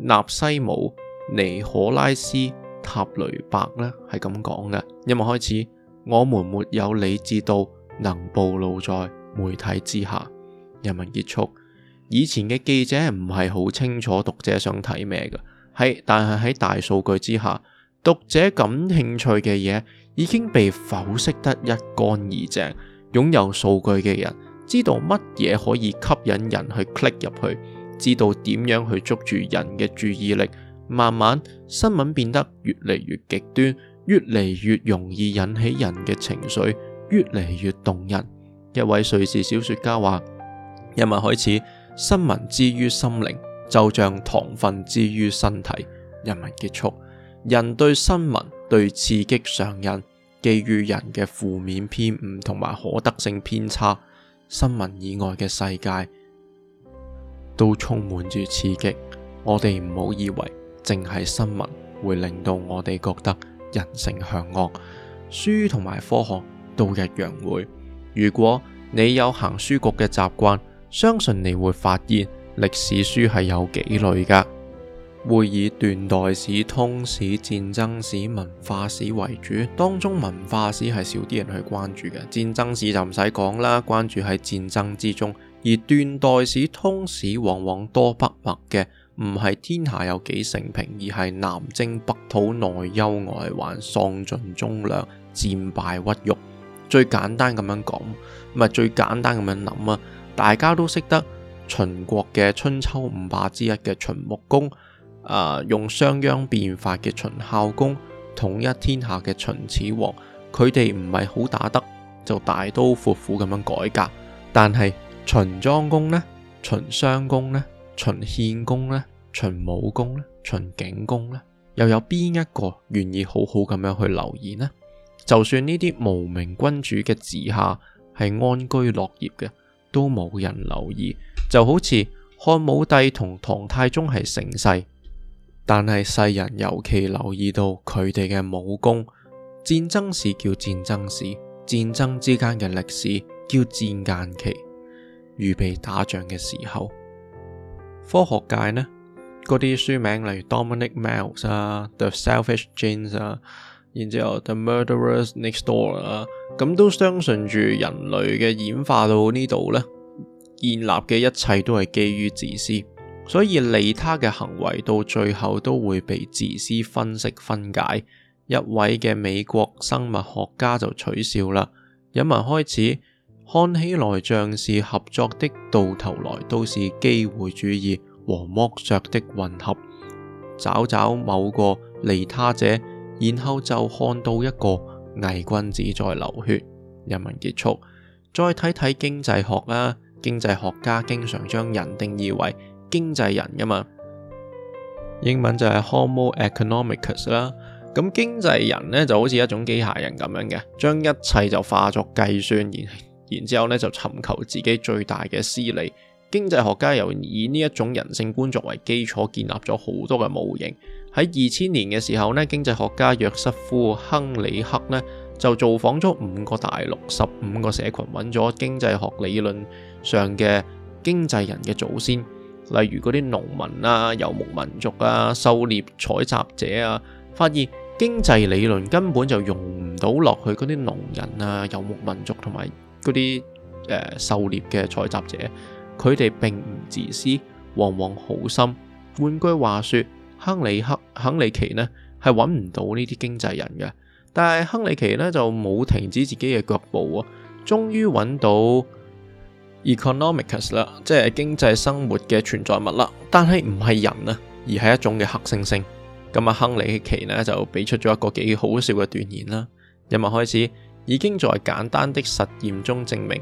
納西姆尼可拉斯塔雷伯呢係咁講嘅。音樂開始。我們沒有理智到能暴露在媒體之下。人民結束以前嘅記者唔係好清楚讀者想睇咩嘅，係，但係喺大數據之下，讀者感興趣嘅嘢，已經被剖析得一乾二淨。擁有數據嘅人知道乜嘢可以吸引人去 click 入去，知道點樣去捉住人嘅注意力，慢慢新聞變得越嚟越極端。越嚟越容易引起人嘅情緒，越嚟越動人。一位瑞士小說家話：引文開始，新聞之於心靈，就像糖分之於身體。引文結束，人對新聞對刺激上癮，基於人嘅負面偏誤同埋可得性偏差。新聞以外嘅世界都充滿住刺激。我哋唔好以為淨係新聞會令到我哋覺得。人性向惡，書同埋科學都一樣會。如果你有行書局嘅習慣，相信你會發現歷史書係有幾類噶會以斷代史、通史、戰爭史、文化史為主。當中文化史係少啲人去關注嘅，戰爭史就唔使講啦，關注喺戰爭之中，而斷代史、通史，通史往往多筆墨嘅。唔係天下有幾成平，而係南征北討，內憂外患、喪盡忠良、戰敗屈辱。最簡單咁樣講，咪最簡單咁樣諗啊！大家都識得秦國嘅春秋五霸之一嘅秦穆公，啊、呃，用商鞅變法嘅秦孝公統一天下嘅秦始皇，佢哋唔係好打得，就大刀闊斧咁樣改革。但係秦莊公呢？秦襄公呢？秦獻公呢？秦武公呢？秦景公呢？又有邊一個願意好好咁樣去留意呢？就算呢啲無名君主嘅治下係安居樂業嘅，都冇人留意。就好似漢武帝同唐太宗係盛世，但係世人尤其留意到佢哋嘅武功。戰爭史叫戰爭史，戰爭之間嘅歷史叫戰間期，預備打仗嘅時候，科學界呢？嗰啲書名例如 Demonic Males 啊，《The Selfish Gene》啊，然之後《The Murderers Next Door》啊，咁都相信住人類嘅演化到呢度咧，建立嘅一切都係基於自私，所以利他嘅行為到最後都會被自私分析分解。一位嘅美國生物學家就取笑啦，引文開始，看起來像是合作的，到頭來都是機會主義。和剝削的混合，找找某個利他者，然後就看到一個偽君子在流血。人民結束，再睇睇經濟學啦，經濟學家經常將人定義為經濟人噶嘛，英文就係 homo economicus 啦。咁經濟人呢就好似一種機械人咁樣嘅，將一切就化作計算，然然之後咧就尋求自己最大嘅私利。經濟學家又以呢一種人性觀作為基礎，建立咗好多嘅模型。喺二千年嘅時候咧，經濟學家約瑟夫亨里克咧就造訪咗五個大陸、十五個社群，揾咗經濟學理論上嘅經濟人嘅祖先，例如嗰啲農民啊、遊牧民族啊、狩獵採集者啊，發現經濟理論根本就用唔到落去嗰啲農人啊、遊牧民族同埋嗰啲呃狩獵嘅採集者。佢哋並唔自私，往往好心。換句話說，亨利克亨利奇呢係揾唔到呢啲經濟人嘅。但係亨利奇呢就冇停止自己嘅腳步啊，終於揾到 economicus 啦，即係經濟生活嘅存在物啦。但係唔係人啊，而係一種嘅黑猩猩。咁啊，亨利奇呢，利奇呢就俾、e、出咗一個幾好笑嘅斷言啦。因為開始已經在簡單的實驗中證明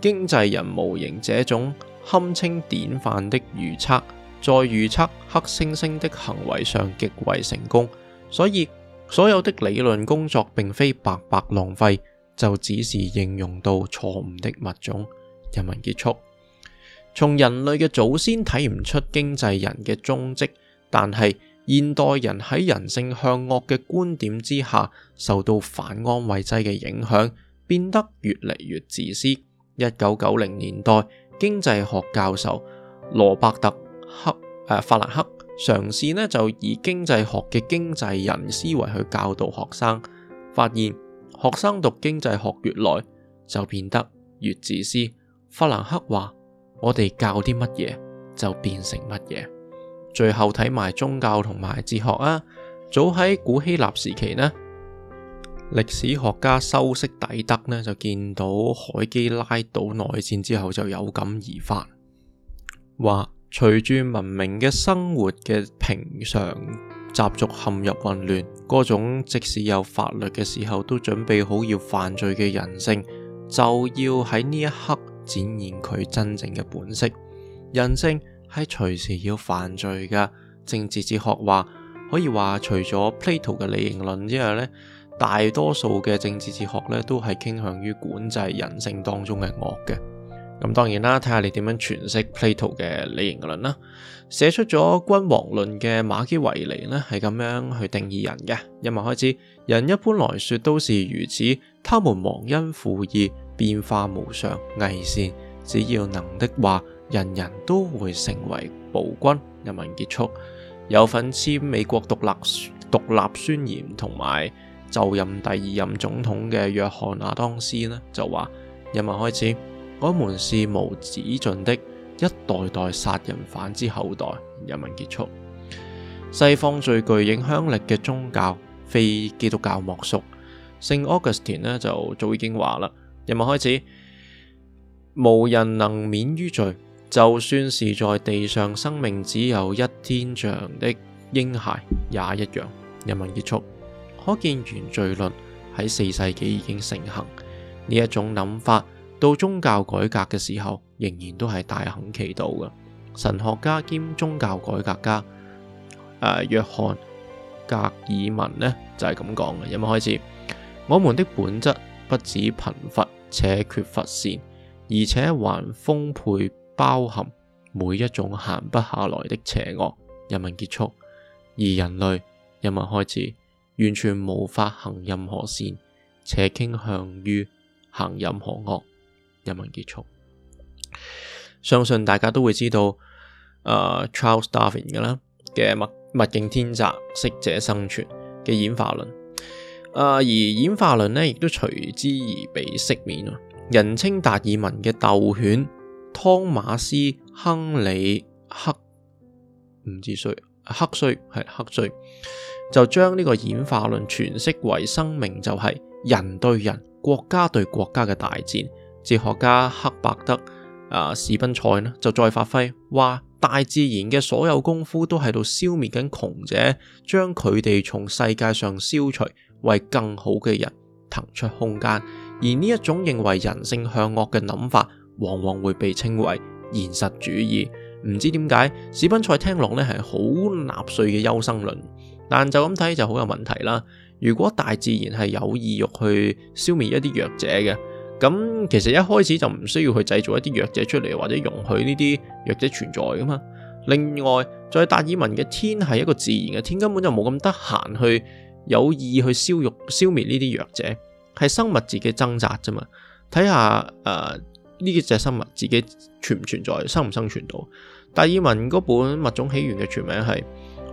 經濟人模型這種。堪稱典範的預測，在預測黑猩猩的行為上極為成功，所以所有的理論工作並非白白浪費，就只是應用到錯誤的物種。人民結束。從人類嘅祖先睇唔出經濟人嘅蹤跡，但係現代人喺人性向惡嘅觀點之下，受到反安慰劑嘅影響，變得越嚟越自私。一九九零年代。經濟學教授羅伯特克誒、呃、法蘭克嘗試呢就以經濟學嘅經濟人思維去教導學生，發現學生讀經濟學越耐就變得越自私。法蘭克話：我哋教啲乜嘢就變成乜嘢。最後睇埋宗教同埋哲學啊！早喺古希臘時期呢。歷史學家修昔底德呢就見到海基拉島內戰之後就有感而發，話隨住文明嘅生活嘅平常習俗陷入混亂，各種即使有法律嘅時候都準備好要犯罪嘅人性，就要喺呢一刻展現佢真正嘅本色。人性係隨時要犯罪噶政治哲學話可以話除咗 Plato 嘅理型論之外呢，大多數嘅政治哲學咧，都係傾向於管制人性當中嘅惡嘅。咁、嗯、當然啦，睇下你點樣詮釋 Plato 嘅理型論啦。寫出咗《君王論》嘅馬基維尼呢，係咁樣去定義人嘅。人民開始，人一般來說都是如此，他們忘恩負義，變化無常，偽善。只要能的話，人人都會成為暴君。人民結束，有份簽美國獨立獨立宣言同埋。就任第二任總統嘅約翰亞當斯呢就話：人民開始，我們是無止盡的一代代殺人犯之後代。人民結束。西方最具影響力嘅宗教非基督教莫屬。聖奧古斯丁呢就早已經話啦：人民開始，無人能免於罪，就算是在地上生命只有一天長的嬰孩也一樣。人民結束。可見原罪論喺四世紀已經盛行呢一種諗法，到宗教改革嘅時候仍然都係大行其道嘅。神學家兼宗教改革家呃、約翰格爾文呢就係咁講嘅。引文開始，我們的本質不止貧乏且缺乏善，而且還豐沛包含每一種閒不下來的邪惡。引文結束，而人類引文開始。完全無法行任何善，且傾向於行任何惡。人文結束，相信大家都會知道，啊、呃、Charles Darwin 嘅啦嘅物物競天擇，適者生存嘅演化論，啊、呃，而演化論呢，亦都隨之而被飾面啊！人稱達爾文嘅鬥犬湯馬斯亨利克唔知衰黑衰係黑衰。就將呢個演化論詮釋為生命，就係人對人、國家對國家嘅大戰。哲學家黑伯德啊，史賓塞呢就再發揮，話大自然嘅所有功夫都喺度消滅緊窮者，將佢哋從世界上消除，為更好嘅人騰出空間。而呢一種認為人性向惡嘅諗法，往往會被稱為現實主義。唔知點解史賓塞聽落呢係好納粹嘅優生論。但就咁睇就好有問題啦！如果大自然係有意欲去消滅一啲弱者嘅，咁其實一開始就唔需要去製造一啲弱者出嚟，或者容許呢啲弱者存在噶嘛？另外，在達爾文嘅天係一個自然嘅天，根本就冇咁得閒去有意去消欲消滅呢啲弱者，係生物自己掙扎啫嘛！睇下誒呢隻生物自己存唔存在，生唔生存到。達爾文嗰本《物種起源》嘅全名係。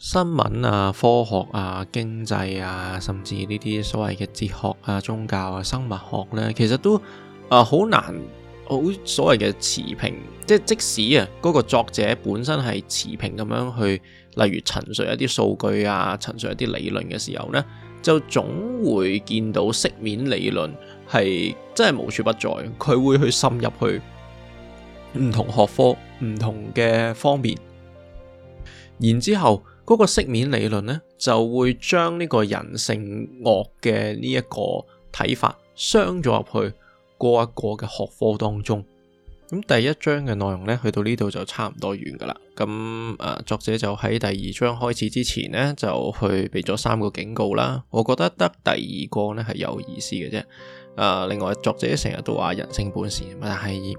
新聞啊、科學啊、經濟啊，甚至呢啲所謂嘅哲學啊、宗教啊、生物學呢，其實都啊好難，好所謂嘅持平。即、即係、即使啊，嗰個作者本身係持平咁樣去，例如陳述一啲數據啊、陳述一啲理論嘅時候呢，就總會見到飾面理論係真係無處不在。佢會去深入去唔同學科、唔同嘅方面，然之後。嗰、那個飾面理論呢，就會將呢個人性惡嘅呢一個睇法，鑲咗入去過一個嘅學科當中。咁第一章嘅內容呢，去到呢度就差唔多完噶啦。咁誒、啊，作者就喺第二章開始之前呢，就去俾咗三個警告啦。我覺得得第二個呢係有意思嘅啫。誒、啊，另外作者成日都話人性本善，但係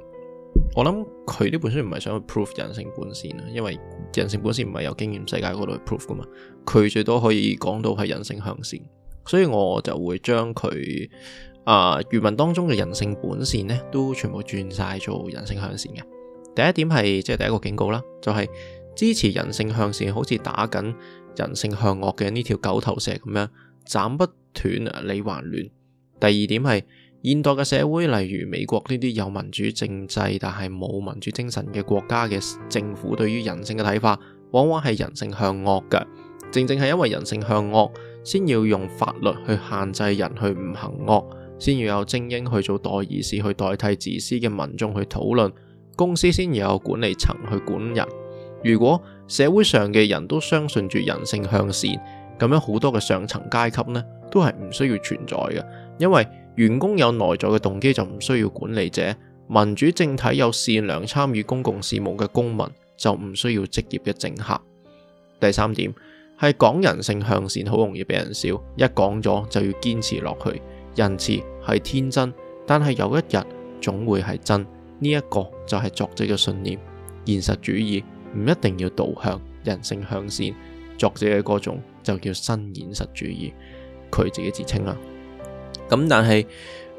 我諗佢呢本書唔係想去 prove 人性本善啊，因為人性本善唔係由經驗世界嗰度去 prove 噶嘛。佢最多可以講到係人性向善，所以我就會將佢啊原文當中嘅人性本善咧，都全部轉晒做人性向善嘅。第一點係即係第一個警告啦，就係、是、支持人性向善，好似打緊人性向惡嘅呢條九頭蛇咁樣斬不斷啊，理還亂。第二點係。現代嘅社會，例如美國呢啲有民主政制但係冇民主精神嘅國家嘅政府，對於人性嘅睇法，往往係人性向惡嘅。正正係因為人性向惡，先要用法律去限制人去唔行惡，先要有精英去做代議士去代替自私嘅民眾去討論，公司先要有管理層去管人。如果社會上嘅人都相信住人性向善，咁樣好多嘅上層階級呢，都係唔需要存在嘅，因為，員工有內在嘅動機就唔需要管理者；民主政體有善良參與公共事務嘅公民就唔需要職業嘅政客。第三點係講人性向善，好容易俾人笑，一講咗就要堅持落去。仁慈係天真，但係有一日總會係真。呢、這、一個就係作者嘅信念。現實主義唔一定要導向人性向善，作者嘅嗰種就叫新現實主義，佢自己自稱啦、啊。咁但係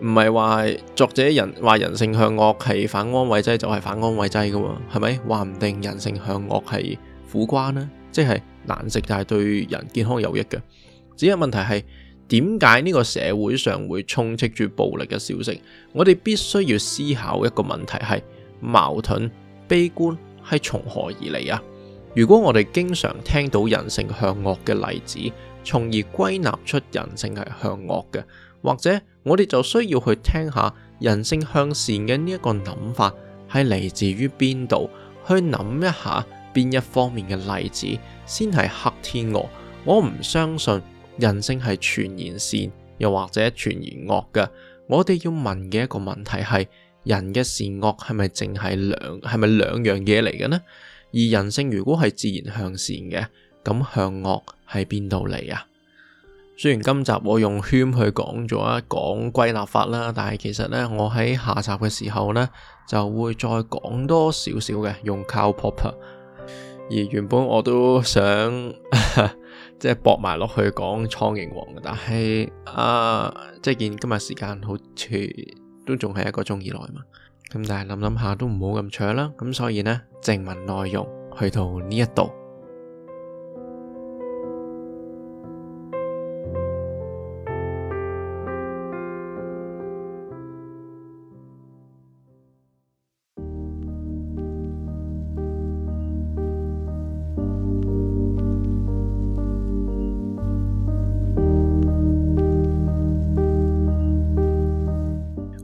唔係話作者人話人性向惡係反安慰劑就係反安慰劑噶喎，係咪？話唔定人性向惡係苦瓜呢，即係難食，但係對人健康有益嘅。只係問題係點解呢個社會上會充斥住暴力嘅消息？我哋必須要思考一個問題，係矛盾、悲觀係從何而嚟啊？如果我哋經常聽到人性向惡嘅例子，從而歸納出人性係向惡嘅。或者我哋就需要去聽下人性向善嘅呢一個諗法係嚟自於邊度？去諗一下邊一方面嘅例子先係黑天鵝。我唔相信人性係全然善，又或者全然惡嘅。我哋要問嘅一個問題係：人嘅善惡係咪淨係兩係咪兩樣嘢嚟嘅呢？而人性如果係自然向善嘅，咁向惡喺邊度嚟啊？雖然今集我用圈去講咗一講歸納法啦，但係其實咧我喺下集嘅時候咧就會再講多少少嘅用 Karl Popper。而原本我都想 即係駁埋落去講蒼蠅王嘅，但係啊即係見今日時間好似都仲係一個鐘以內嘛，咁但係諗諗下都唔好咁長啦，咁所以咧正文內容去到呢一度。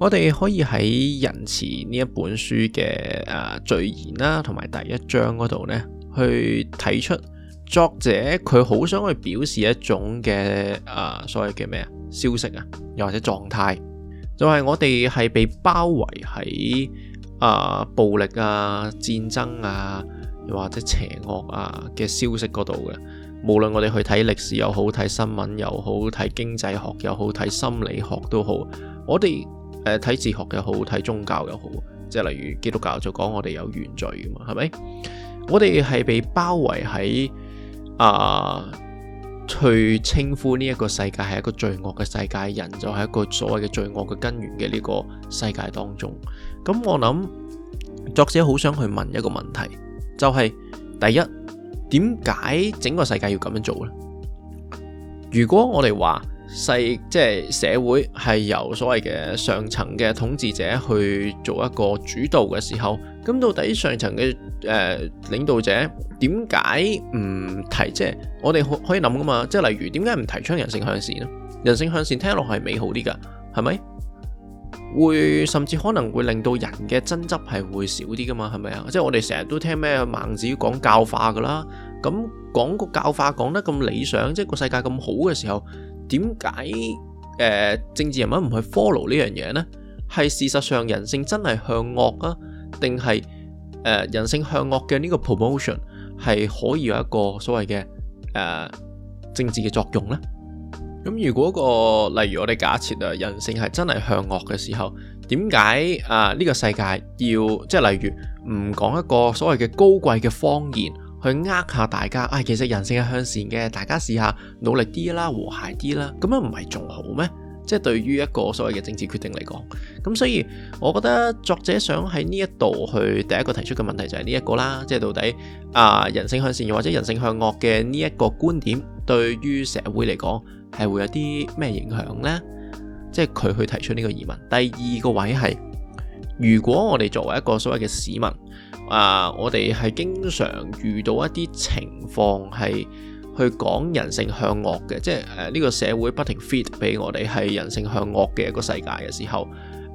我哋可以喺《人慈》呢一本書嘅誒序言啦，同埋第一章嗰度咧，去睇出作者佢好想去表示一種嘅誒、啊，所謂叫咩啊？消息啊，又或者狀態就係我哋係被包圍喺啊暴力啊、戰爭啊，又或者邪惡啊嘅消息嗰度嘅。無論我哋去睇歷史又好，睇新聞又好，睇經濟學又好，睇心理學都好，我哋。誒，睇哲學又好，睇宗教又好，即係例如基督教就講我哋有原罪噶嘛，係咪？我哋係被包圍喺啊、呃，去稱呼呢一個世界係一個罪惡嘅世界，人就係一個所謂嘅罪惡嘅根源嘅呢個世界當中。咁我諗，作者好想去問一個問題，就係、是、第一，點解整個世界要咁樣做呢？如果我哋話，細即係社會係由所謂嘅上層嘅統治者去做一個主導嘅時候，咁到底上層嘅誒領導者點解唔提？即係我哋可以諗噶嘛？即係例如點解唔提倡人性向善呢？人性向善聽落係美好啲噶，係咪？會甚至可能會令到人嘅爭執係會少啲噶嘛？係咪啊？即係我哋成日都聽咩孟子講教化噶啦，咁講個教化講得咁理想，即係個世界咁好嘅時候。點解誒政治人物唔去 follow 呢樣嘢呢？係事實上人性真係向惡啊，定係誒人性向惡嘅呢個 promotion 係可以有一個所謂嘅誒、呃、政治嘅作用呢？咁如果個例如我哋假設啊，人性係真係向惡嘅時候，點解啊呢個世界要即係例如唔講一個所謂嘅高貴嘅謊言？去呃下大家，唉，其實人性係向善嘅，大家試下努力啲啦，和諧啲啦，咁樣唔係仲好咩？即係對於一個所謂嘅政治決定嚟講，咁所以我覺得作者想喺呢一度去第一個提出嘅問題就係呢一個啦，即係到底啊人性向善，又或者人性向惡嘅呢一個觀點，對於社會嚟講係會有啲咩影響呢？即係佢去提出呢個疑問。第二個位係如果我哋作為一個所謂嘅市民。啊！我哋係經常遇到一啲情況係去講人性向惡嘅，即係誒呢個社會不停 feed 俾我哋係人性向惡嘅一個世界嘅時候，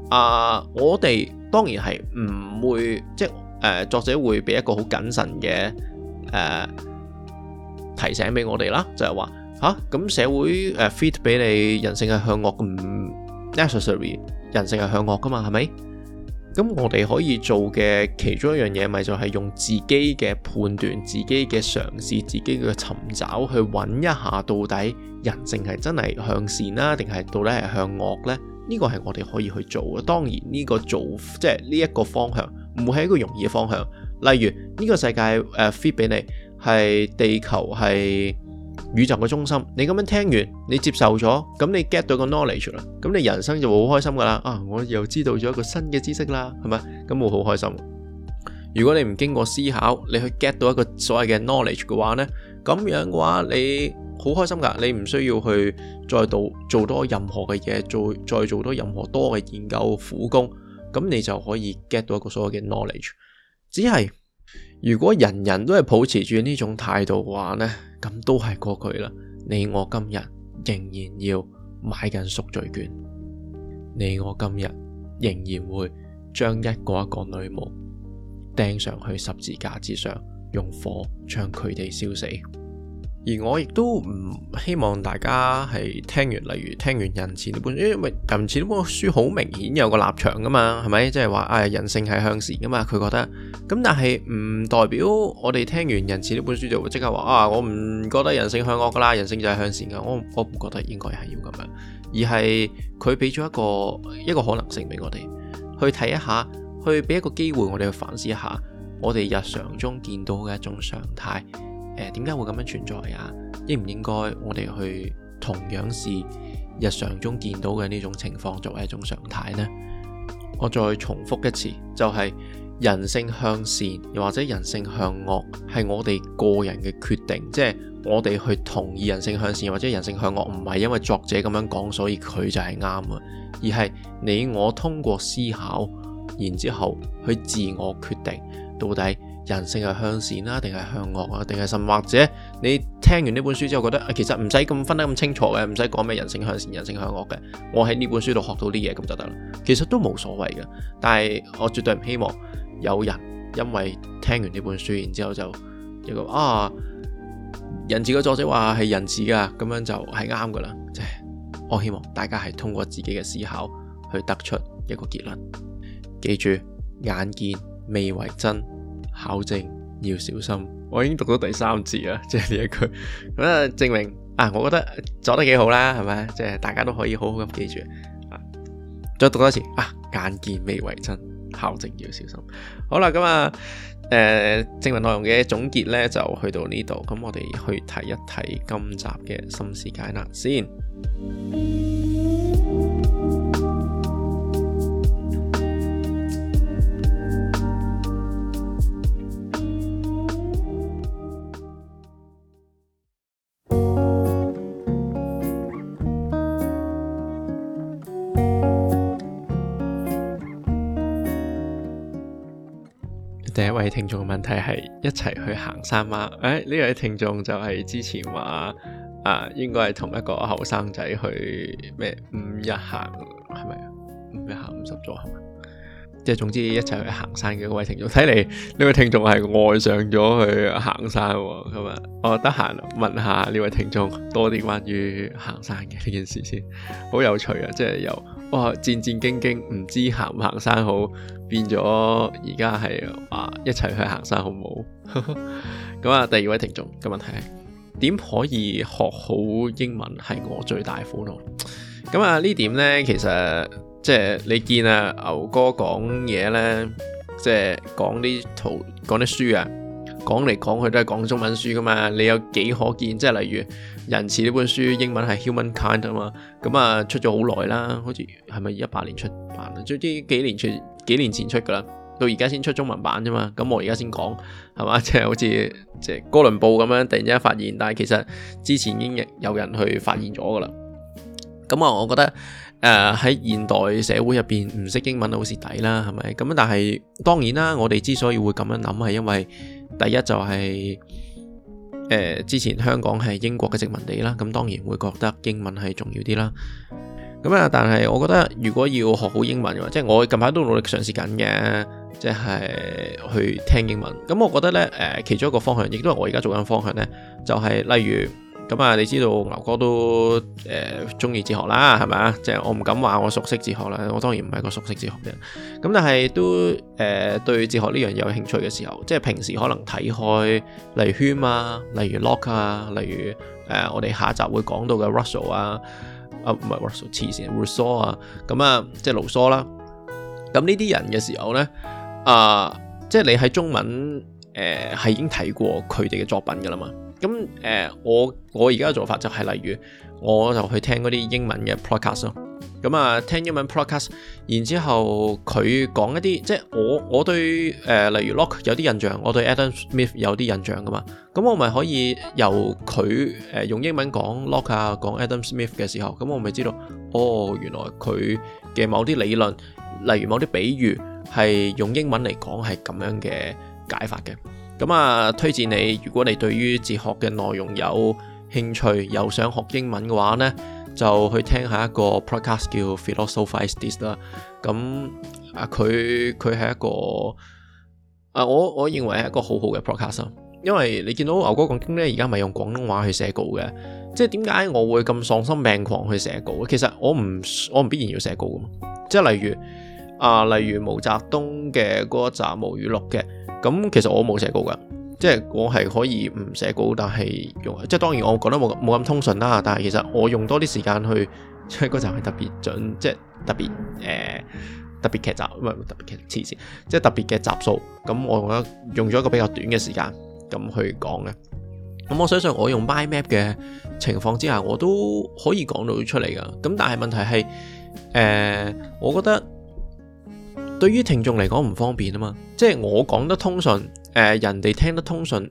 啊！我哋當然係唔會，即係誒作者會俾一個好謹慎嘅誒提醒俾我哋啦，就係話吓咁社會誒 feed 俾你人性係向惡，唔 necessary，人性係向惡噶嘛，係咪？咁我哋可以做嘅其中一樣嘢，咪就係用自己嘅判斷、自己嘅嘗試、自己嘅尋找，去揾一下到底人性係真係向善啦，定係到底係向惡呢？呢個係我哋可以去做嘅。當然呢個做即係呢一個方向，唔會係一個容易嘅方向。例如呢個世界誒 feed 俾你，係、uh, 地球係宇宙嘅中心，你咁樣聽完，你接受咗，咁你 get 到個 knowledge 啦，咁你人生就會好開心噶啦。啊，我又知道咗一個新嘅知識啦，係咪？咁我好開心。如果你唔經過思考，你去 get 到一個所謂嘅 knowledge 嘅話呢，咁樣嘅話，你好開心噶，你唔需要去再度做多任何嘅嘢，做再做多任何多嘅研究苦工，咁你就可以 get 到一個所謂嘅 knowledge。只係如果人人都係抱持住呢種態度嘅話呢？咁都係過去啦，你我今日仍然要買緊贖罪券，你我今日仍然會將一個一個女巫釘上去十字架之上，用火將佢哋燒死。而我亦都唔希望大家係聽完，例如聽完《人慈》呢本書，因為《人慈》呢本書好明顯有個立場噶嘛，係咪？即係話誒人性係向善噶嘛，佢覺得。咁但係唔代表我哋聽完《人慈》呢本書就會即刻話啊，我唔覺得人性向惡噶啦，人性就係向善噶。我我唔覺得應該係要咁樣，而係佢俾咗一個一個可能性俾我哋去睇一下，去俾一個機會我哋去反思一下我哋日常中見到嘅一種常態。誒，點解會咁樣存在啊？應唔應該我哋去同樣視日常中見到嘅呢種情況作為一種常態呢？我再重複一次，就係人性向善又或者人性向惡係我哋個人嘅決定，即係我哋去同意人性向善或者人性向惡，唔係因為作者咁樣講，所以佢就係啱啊，而係你我通過思考，然之後去自我決定到底。人性係向善啦、啊，定係向惡啊？定係甚或者你聽完呢本書之後，覺得、啊、其實唔使咁分得咁清楚嘅，唔使講咩人性向善、人性向惡嘅。我喺呢本書度學到啲嘢咁就得啦。其實都冇所謂嘅，但係我絕對唔希望有人因為聽完呢本書，然之後就一個啊人慈嘅作者話係人慈噶，咁樣就係啱噶啦。即係我希望大家係通過自己嘅思考去得出一個結論。記住，眼見未為真。考證要小心，我已經讀到第三次啦，即係呢一句咁啊。 證明啊，我覺得做得幾好啦，係咪？即係大家都可以好好咁記住啊。再讀多次啊，眼見未為真，考證要小心。好啦，咁、嗯、啊，誒，正文內容嘅總結呢，就去到呢度。咁我哋去睇一睇今集嘅心事解難先。 聽眾嘅問題係一齊去行山嗎、啊？誒、哎，呢位聽眾就係之前話啊，應該係同一個後生仔去咩五日行係咪啊？五日行是是五十座係嘛？即係總之一齊去行山嘅嗰位聽眾，睇嚟，呢位聽眾係愛上咗去行山。咁啊，我得閒問下呢位聽眾多啲關於行山嘅呢件事先，好有趣啊！即係又哇戰戰兢兢，唔知行唔行山好。變咗而家係話一齊去行山，好唔好？咁啊，第二位聽眾嘅問題係點可以學好英文，係我最大苦惱。咁啊，呢點咧，其實即係你見啊，牛哥講嘢咧，即係講啲圖講啲書啊，講嚟講去都係講中文書噶嘛。你有幾可見？即係例如《人慈》呢本書英文係《Human Kind》啊嘛。咁啊，出咗好耐啦，好似係咪一八年出版？最近幾年出？幾年前出噶啦，到而家先出中文版啫嘛，咁我而家先講係嘛，即係、就是、好似即係哥倫布咁樣突然之間發現，但係其實之前已經有人去發現咗噶啦。咁啊，我覺得誒喺、呃、現代社會入邊唔識英文好蝕底啦，係咪？咁但係當然啦，我哋之所以會咁樣諗係因為第一就係、是、誒、呃、之前香港係英國嘅殖民地啦，咁當然會覺得英文係重要啲啦。咁啊、嗯！但係，我覺得如果要學好英文嘅話，即、就、係、是、我近排都努力嘗試緊嘅，即、就、係、是、去聽英文。咁、嗯、我覺得呢，誒、呃、其中一個方向，亦都係我而家做緊方向呢，就係、是、例如咁啊、嗯！你知道牛哥都誒中意哲學啦，係咪啊？即、就、係、是、我唔敢話我熟悉哲學啦，我當然唔係個熟悉哲學嘅人。咁、嗯、但係都誒、呃、對哲學呢樣嘢有興趣嘅時候，即係平時可能睇開例如圈、um、啊，例如 Lock 啊，例如誒、呃、我哋下集會講到嘅 Russell 啊。啊，唔係喎，黐線，胡蘇啊，咁、嗯、啊，即係盧梭啦。咁呢啲人嘅時候咧，啊，即係你喺中文誒係、呃、已經睇過佢哋嘅作品㗎啦嘛。咁、嗯、誒、呃，我我而家嘅做法就係例如，我就去聽嗰啲英文嘅 podcast 咯、啊。咁啊、嗯，聽英文 podcast，然之後佢講一啲即係我我對誒、呃、例如 Lock 有啲印象，我對 Adam Smith 有啲印象㗎嘛，咁我咪可以由佢誒、呃、用英文講 Lock 啊，講 Adam Smith 嘅時候，咁我咪知道哦，原來佢嘅某啲理論，例如某啲比喻係用英文嚟講係咁樣嘅解法嘅。咁、嗯、啊、嗯，推薦你，如果你對於哲學嘅內容有興趣，又想學英文嘅話呢。就去聽下一個 podcast 叫 Philosophize This 啦，咁啊佢佢係一個啊我我認為係一個好好嘅 podcast 因為你見到牛哥講經咧，而家咪用廣東話去寫稿嘅，即係點解我會咁喪心病狂去寫稿？其實我唔我唔必然要寫稿㗎嘛，即係例如啊，例如毛澤東嘅嗰集《毛語錄》嘅，咁其實我冇寫稿噶。即係我係可以唔寫稿，但係用即係當然我講得冇冇咁通順啦。但係其實我用多啲時間去，即係嗰集係特別準，即係特別誒、呃，特別劇集唔係特別劇，黐線，即係特別嘅集數。咁我用咗用咗一個比較短嘅時間咁去講嘅。咁我相信我用 My Map 嘅情況之下，我都可以講到出嚟噶。咁但係問題係誒、呃，我覺得對於聽眾嚟講唔方便啊嘛。即係我講得通順。誒、呃、人哋聽得通順，唔、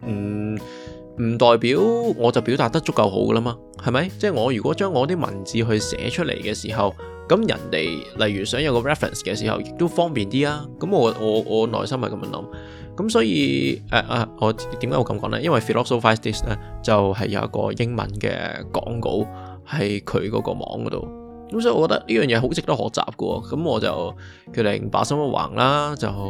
嗯、唔代表我就表達得足夠好噶啦嘛，係咪？即係我如果將我啲文字去寫出嚟嘅時候，咁人哋例如想有個 reference 嘅時候，亦都方便啲啊！咁我我我內心係咁樣諗，咁所以誒誒、呃啊，我點解我咁講咧？因為 Philosophize This 咧就係、是、有一個英文嘅講稿係佢嗰個網嗰度，咁所以我覺得呢樣嘢好值得學習噶喎，咁我就決定把心一橫啦，就～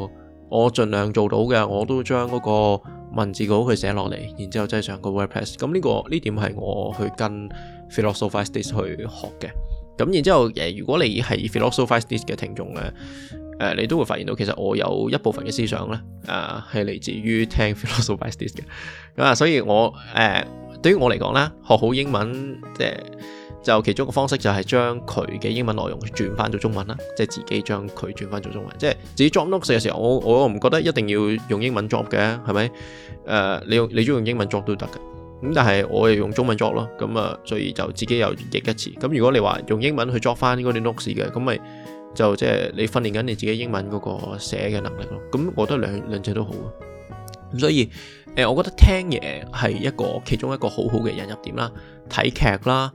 我盡量做到嘅，我都將嗰個文字稿去寫落嚟，然之後掙上個 WordPress。咁呢、這個呢點係我去跟 Philosophize This 去學嘅。咁然之後，誒如果你係 Philosophize This 嘅聽眾咧，誒、呃、你都會發現到其實我有一部分嘅思想咧，啊係嚟自於聽 Philosophize This 嘅。咁啊、嗯，所以我誒、呃、對於我嚟講咧，學好英文即係。呃就其中一個方式就係將佢嘅英文內容轉翻做中文啦，即係自己將佢轉翻做中文。即係自，自己作 note 時嘅時候，我我唔覺得一定要用英文作嘅，係咪？誒、uh，你用你中意用英文作都得嘅。咁但係我又用中文作咯，咁啊，所以就自己又譯一次。咁如果你話用英文去作翻嗰啲 note 時嘅，咁咪就即係你訓練緊你自己英文嗰個寫嘅能力咯。咁我覺得兩兩者都好啊。咁所以誒、呃，我覺得聽嘢係一個其中一個好好嘅引入點啦啦，睇劇啦。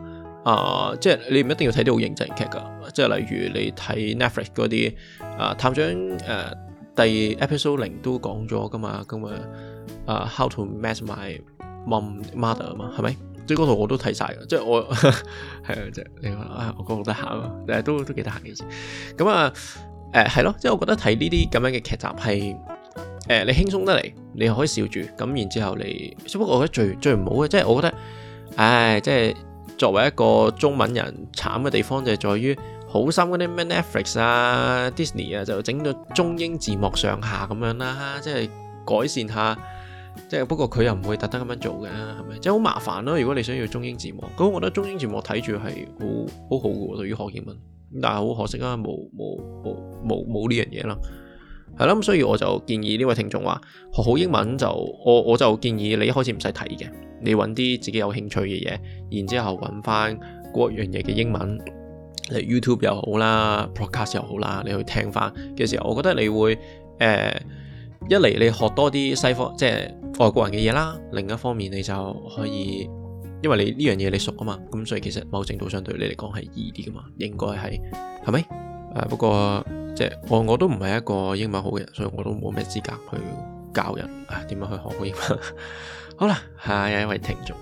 啊，uh, 即係你唔一定要睇啲好認真劇噶，即係例如你睇 Netflix 嗰啲啊、呃、探長，誒、呃、第二 episode 零都講咗噶嘛，咁啊啊 How to mess my mom mother 啊嘛，係咪？即係嗰度我都睇晒㗎，即係我係啊，即 係 你話啊、哎，我覺得好，誒、哎、都都幾得閒嘅意思。咁啊誒係、呃、咯，即係我覺得睇呢啲咁樣嘅劇集係誒、呃、你輕鬆得嚟，你可以笑住，咁然之後你，只不過我覺得最最唔好嘅，即係我覺得，唉、哎，即係。哎即作為一個中文人，慘嘅地方就係在於好心嗰啲咩 Netflix 啊、Disney 啊，就整到中英字幕上下咁樣啦，即係改善下。即係不過佢又唔會特登咁樣做嘅，係咪？即係好麻煩咯。如果你想要中英字幕，咁我覺得中英字幕睇住係好好好嘅喎，對於學英文。但係好可惜啊，冇冇冇冇呢樣嘢啦。係啦，咁所以我就建議呢位聽眾話學好英文，就我我就建議你一開始唔使睇嘅，你揾啲自己有興趣嘅嘢，然之後揾翻嗰樣嘢嘅英文，例如 YouTube 又好啦，Podcast 又好啦，你去聽翻嘅時候，我覺得你會誒、呃、一嚟你學多啲西方即係外國人嘅嘢啦，另一方面你就可以，因為你呢樣嘢你熟啊嘛，咁所以其實某程度上對你嚟講係易啲噶嘛，應該係係咪？啊、不過即係我我都唔係一個英文好嘅人，所以我都冇咩資格去教人啊，點、哎、樣去學好英文。 好啦，哎、下一位聽眾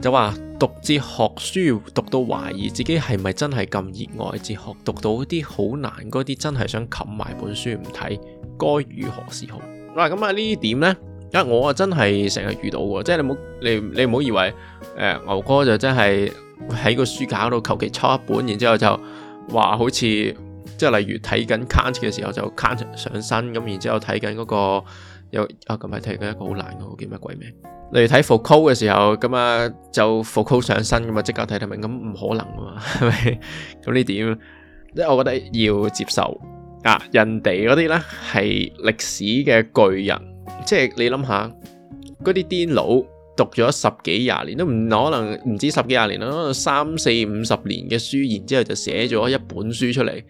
就話讀哲學書讀到懷疑自己係咪真係咁熱愛哲學，讀到啲好難嗰啲，真係想冚埋本書唔睇，該如何是好？嗱、啊，咁啊呢點咧，因為我啊真係成日遇到嘅，即、就、係、是、你唔好你你唔好以為、呃、牛哥就真係喺個書架嗰度求其抄一本，然之後就。話好似即係例如睇緊 Kant 嘅時候就 Kant 上身咁，然之後睇緊嗰個有啊，近排睇緊一個好難嘅，叫咩鬼名？例如睇 Foucault 嘅時候咁啊，就 Foucault 上身咁啊，即刻睇得明，咁唔可能啊嘛，係咪咁呢點？即係我覺得要接受啊，人哋嗰啲咧係歷史嘅巨人，即係你諗下嗰啲癲佬。讀咗十幾廿年都唔可能，唔止十幾廿年咯，可能三四五十年嘅書，然之後就寫咗一本書出嚟。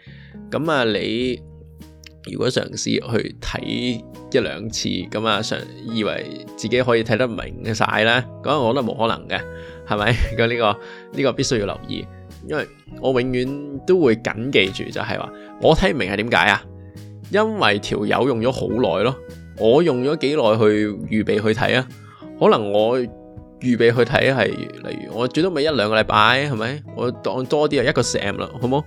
咁啊，你如果嘗試去睇一兩次，咁啊，常以為自己可以睇得明嘅晒咧，咁我覺得冇可能嘅，係咪？咁呢個呢個必須要留意，因為我永遠都會緊記住，就係話我睇唔明係點解啊，因為條友用咗好耐咯，我用咗幾耐去預備去睇啊。可能我預備去睇係，例如我最多咪一兩個禮拜，係咪？我當多啲啊，一個成啦，好冇？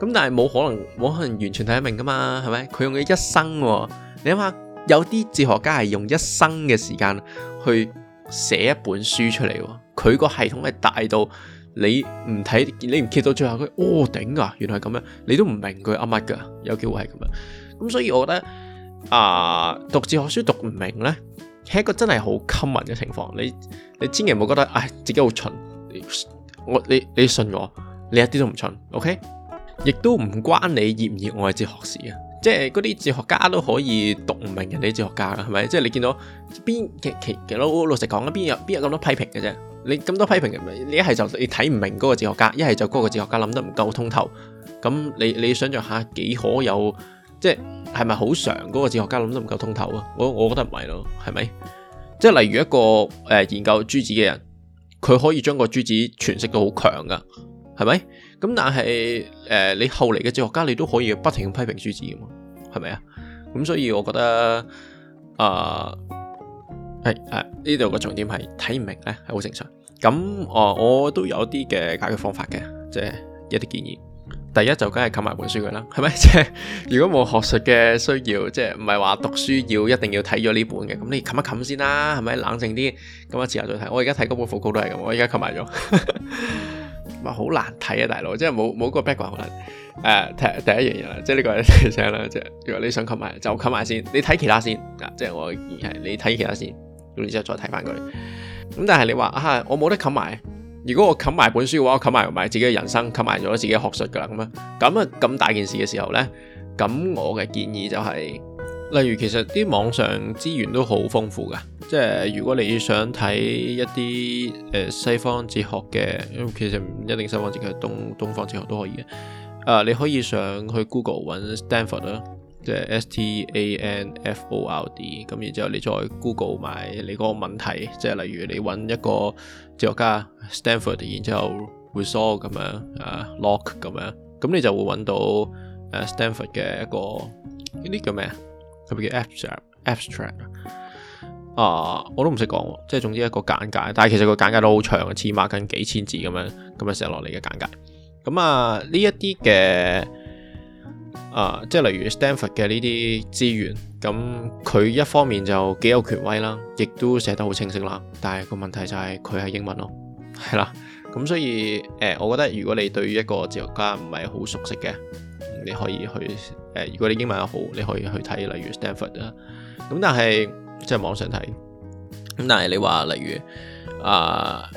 咁但係冇可能，冇可能完全睇得明噶嘛，係咪？佢用嘅一生喎，你諗下，有啲哲學家係用一生嘅時間去寫一本書出嚟。佢個系統係大到你唔睇，你唔揭到最後佢，哦頂啊！原來係咁樣，你都唔明佢噏乜噶，有機會係咁樣。咁所以我覺得啊，讀哲學書讀唔明呢，係一個真係好 common 嘅情況，你你千祈唔好覺得，唉，自己好蠢，你我你你信我，你一啲都唔蠢，OK？亦都唔關你熱唔熱愛哲學事啊，即係嗰啲哲學家都可以讀唔明人哋哲學家噶係咪？即係你見到邊其其其老老實講啦，邊有邊有咁多批評嘅啫？你咁多批評嘅，你一係就你睇唔明嗰個哲學家，一係就嗰個哲學家諗得唔夠通透，咁你你想象下幾可有？即係咪好常嗰個哲學家諗得唔夠通透啊？我我覺得唔係咯，係咪？即係例如一個誒、呃、研究朱子嘅人，佢可以將個朱子詮釋到好強㗎，係咪？咁但係誒、呃、你後嚟嘅哲學家你都可以不停批評朱子㗎嘛，係咪啊？咁所以我覺得、呃、啊，係係呢度嘅重點係睇唔明咧係好正常。咁啊、呃、我都有一啲嘅解決方法嘅，即、就、係、是、一啲建議。第一就梗係冚埋本書㗎啦，係咪？即係如果冇學術嘅需要，即係唔係話讀書要一定要睇咗呢本嘅，咁你冚一冚先啦，係咪？冷靜啲，咁啊，之後再睇。我而家睇嗰本副稿都係咁，我而家冚埋咗。哇，好難睇啊，大佬，即係冇冇個 background、er, 好難。誒、呃，第第一樣嘢啦，即係呢個嚟聽啦，即 係如果你想冚埋，就冚埋先。你睇其他先，即係我建議你睇其他先，咁你之後再睇翻佢。咁但係你話啊，我冇得冚埋。如果我冚埋本書嘅話，我冚埋埋自己嘅人生，冚埋咗自己學術噶啦，咁樣咁啊咁大件事嘅時候呢，咁我嘅建議就係、是，例如其實啲網上資源都好豐富嘅，即係如果你想睇一啲誒、呃、西方哲學嘅，其實唔一定西方哲學，東東方哲學都可以嘅、呃。你可以上去 Google 揾 Stanford 啦，即係 S T A N F O R D，咁然之後你再 Google 埋你嗰個問題，即係例如你揾一個。哲學家 Stanford，然之後 Russell 咁樣，誒 Lock 咁樣，咁你就會揾到誒、啊、Stanford 嘅一個呢啲、這個、叫咩啊？係咪叫 abstract？abstract 啊？我都唔識講，即係總之一個簡介，但係其實個簡介都好長嘅，起碼近幾千字咁樣咁啊寫落嚟嘅簡介。咁啊呢一啲嘅。啊，即係例如 Stanford 嘅呢啲資源，咁佢一方面就幾有權威啦，亦都寫得好清晰啦。但係個問題就係佢係英文咯，係啦。咁所以誒、呃，我覺得如果你對於一個哲學家唔係好熟悉嘅，你可以去誒、呃，如果你英文又好，你可以去睇例如 Stanford 啊。咁但係即係網上睇，咁但係你話例如啊，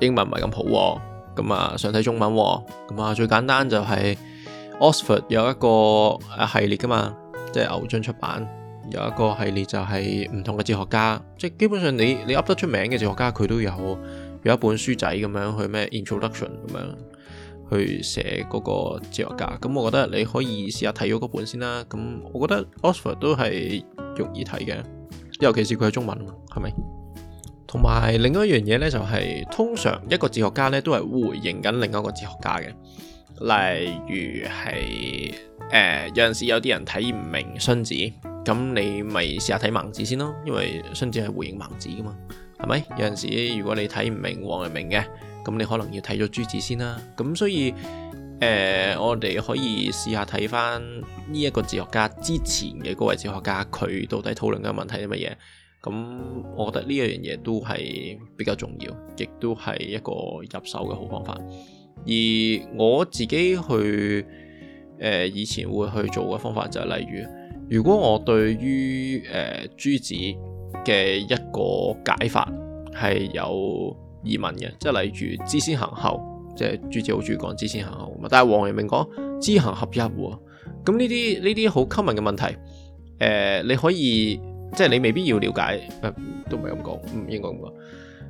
英文唔係咁好，咁啊想睇中文，咁啊最簡單就係、是。Oxford 有一個系列噶嘛，即係牛津出版有一個系列就係唔同嘅哲學家，即係基本上你你噏得出名嘅哲學家佢都有有一本書仔咁樣去咩 introduction 咁樣去寫嗰個哲學家，咁我覺得你可以試下睇咗嗰本先啦。咁我覺得 Oxford 都係容易睇嘅，尤其是佢係中文，係咪？同埋另外一樣嘢呢，就係、是、通常一個哲學家呢都係回應緊另一個哲學家嘅。例如係誒、呃，有陣時有啲人睇唔明荀子，咁你咪試下睇孟子先咯，因為荀子係回應孟子噶嘛，係咪？有陣時如果你睇唔明王陽明嘅，咁你可能要睇咗朱子先啦。咁所以誒、呃，我哋可以試下睇翻，呢一個哲學家之前嘅嗰位哲學家，佢到底討論嘅問題係乜嘢？咁我覺得呢樣嘢都係比較重要，亦都係一個入手嘅好方法。而我自己去誒、呃、以前會去做嘅方法就係例如，如果我對於誒、呃、朱子嘅一個解法係有疑問嘅，即係例如知先行後，即係朱子好主講知先行後嘛，但係王陽明講知行合一喎。咁呢啲呢啲好 common 嘅問題，誒、呃、你可以即係你未必要了解，誒、呃、都唔係咁講，唔應該咁講。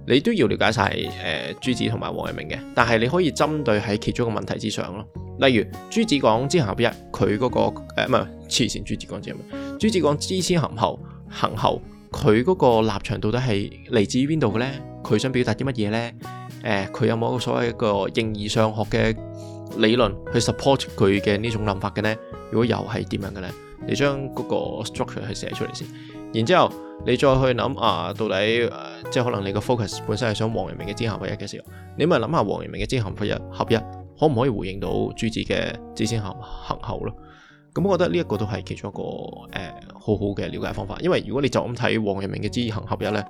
你都要了解晒誒、呃、朱子同埋王陽明嘅，但係你可以針對喺其中個問題之上咯。例如朱子講知行合一，佢嗰、嗰個誒唔係黐綫，朱子講知，朱子講知先行後，行後，佢嗰個立場到底係嚟自於邊度嘅呢？佢想表達啲乜嘢呢？誒、呃，佢有冇所謂一個形而上學嘅理論去 support 佢嘅呢種諗法嘅呢？如果又係點樣嘅呢？你將嗰個 structure 去寫出嚟先。然之後，你再去諗啊，到底，呃、即係可能你個 focus 本身係想王陽明嘅知行合一嘅時候，你咪諗下王陽明嘅知行合一合一，可唔可以回應到朱子嘅知先行行後咯？咁我覺得呢一個都係其中一個誒、呃、好好嘅了解方法，因為如果你就咁睇王陽明嘅知行合一呢，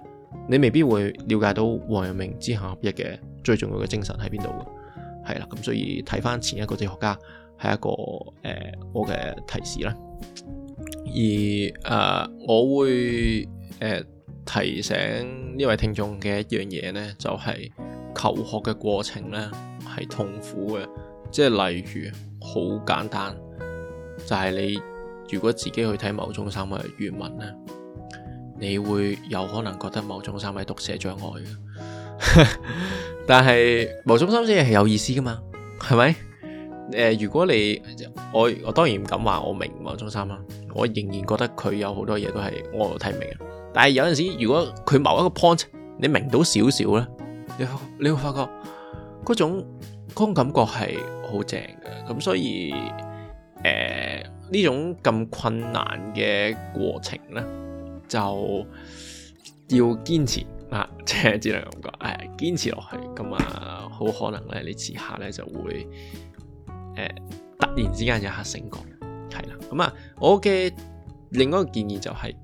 你未必會了解到王陽明知行合一嘅最重要嘅精神喺邊度嘅，係啦，咁所以睇翻前一個哲學家係一個誒、呃、我嘅提示啦。而誒、呃，我會誒、呃、提醒呢位聽眾嘅一樣嘢咧，就係、是、求學嘅過程呢係痛苦嘅，即係例如好簡單，就係、是、你如果自己去睇牟宗三嘅原文呢，你會有可能覺得牟宗三嘅讀寫障礙嘅， 但係牟宗三係有意思噶嘛，係咪？誒、呃，如果你我我當然唔敢話我明喎，中三啦，我仍然覺得佢有好多嘢都係我睇唔明嘅。但係有陣時，如果佢某一個 point 你明到少少咧，你會你會發覺嗰種光感覺係好正嘅。咁所以誒呢、呃、種咁困難嘅過程咧，就要堅持啊，即係只能咁講，誒堅持落去，咁啊好可能咧，你遲下咧就會。誒，突然之間有下醒覺，係啦。咁啊，我嘅另外一個建議就係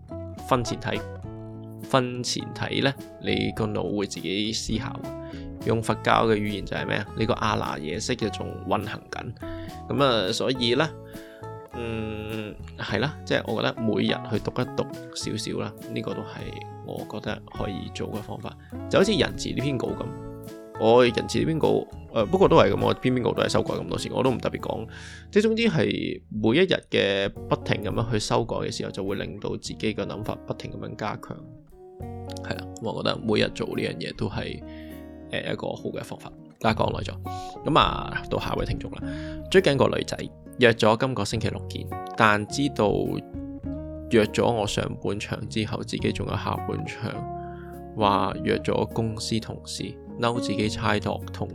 瞓前睇，瞓前睇咧，你個腦會自己思考。用佛教嘅語言就係咩啊？你個阿賴耶識嘅仲運行緊。咁啊，所以咧，嗯，係啦，即係我覺得每日去讀一讀少少啦，呢個都係我覺得可以做嘅方法。就好似人慈呢篇稿咁。我人治邊個？誒、呃、不過都係咁我邊邊個都係修改咁多事，我都唔特別講。即係總之係每一日嘅不停咁樣去修改嘅時候，就會令到自己嘅諗法不停咁樣加強。係啊，我覺得每日做呢樣嘢都係誒、呃、一個好嘅方法。但講耐咗，咁啊到下位聽眾啦。追緊個女仔約咗今個星期六見，但知道約咗我上半場之後，自己仲有下半場，話約咗公司同事。嬲自己猜度同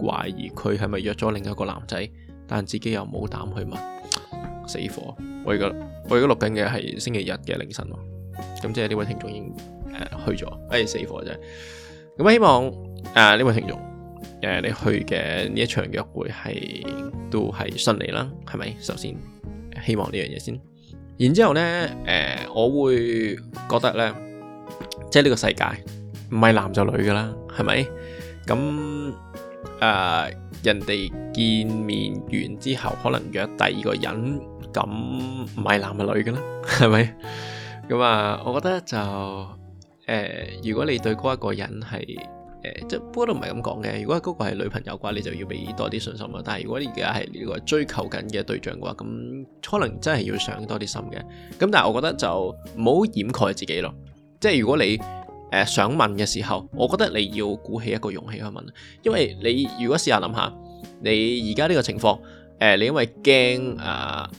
懷疑佢係咪約咗另一個男仔，但自己又冇膽去問，死火！我而家我而家錄緊嘅係星期日嘅凌晨，咁即係呢位聽眾已經誒、呃、去咗，哎死火真係！咁希望誒呢、呃、位聽眾誒你去嘅呢一場約會係都係順利啦，係咪？首先希望呢樣嘢先，然之後咧誒、呃、我會覺得咧，即係呢個世界。唔係男就女噶啦，係咪？咁誒、呃，人哋見面完之後，可能約第二個人，咁唔係男就女噶啦，係咪？咁啊，我覺得就誒、呃，如果你對嗰一個人係誒、呃，即係不過都唔係咁講嘅。如果嗰個係女朋友嘅話，你就要俾多啲信心啦。但係如果你而家係呢個追求緊嘅對象嘅話，咁可能真係要上多啲心嘅。咁但係我覺得就唔好掩蓋自己咯，即係如果你。誒、呃、想問嘅時候，我覺得你要鼓起一個勇氣去問，因為你如果試下諗下，你而家呢個情況，誒、呃、你因為驚啊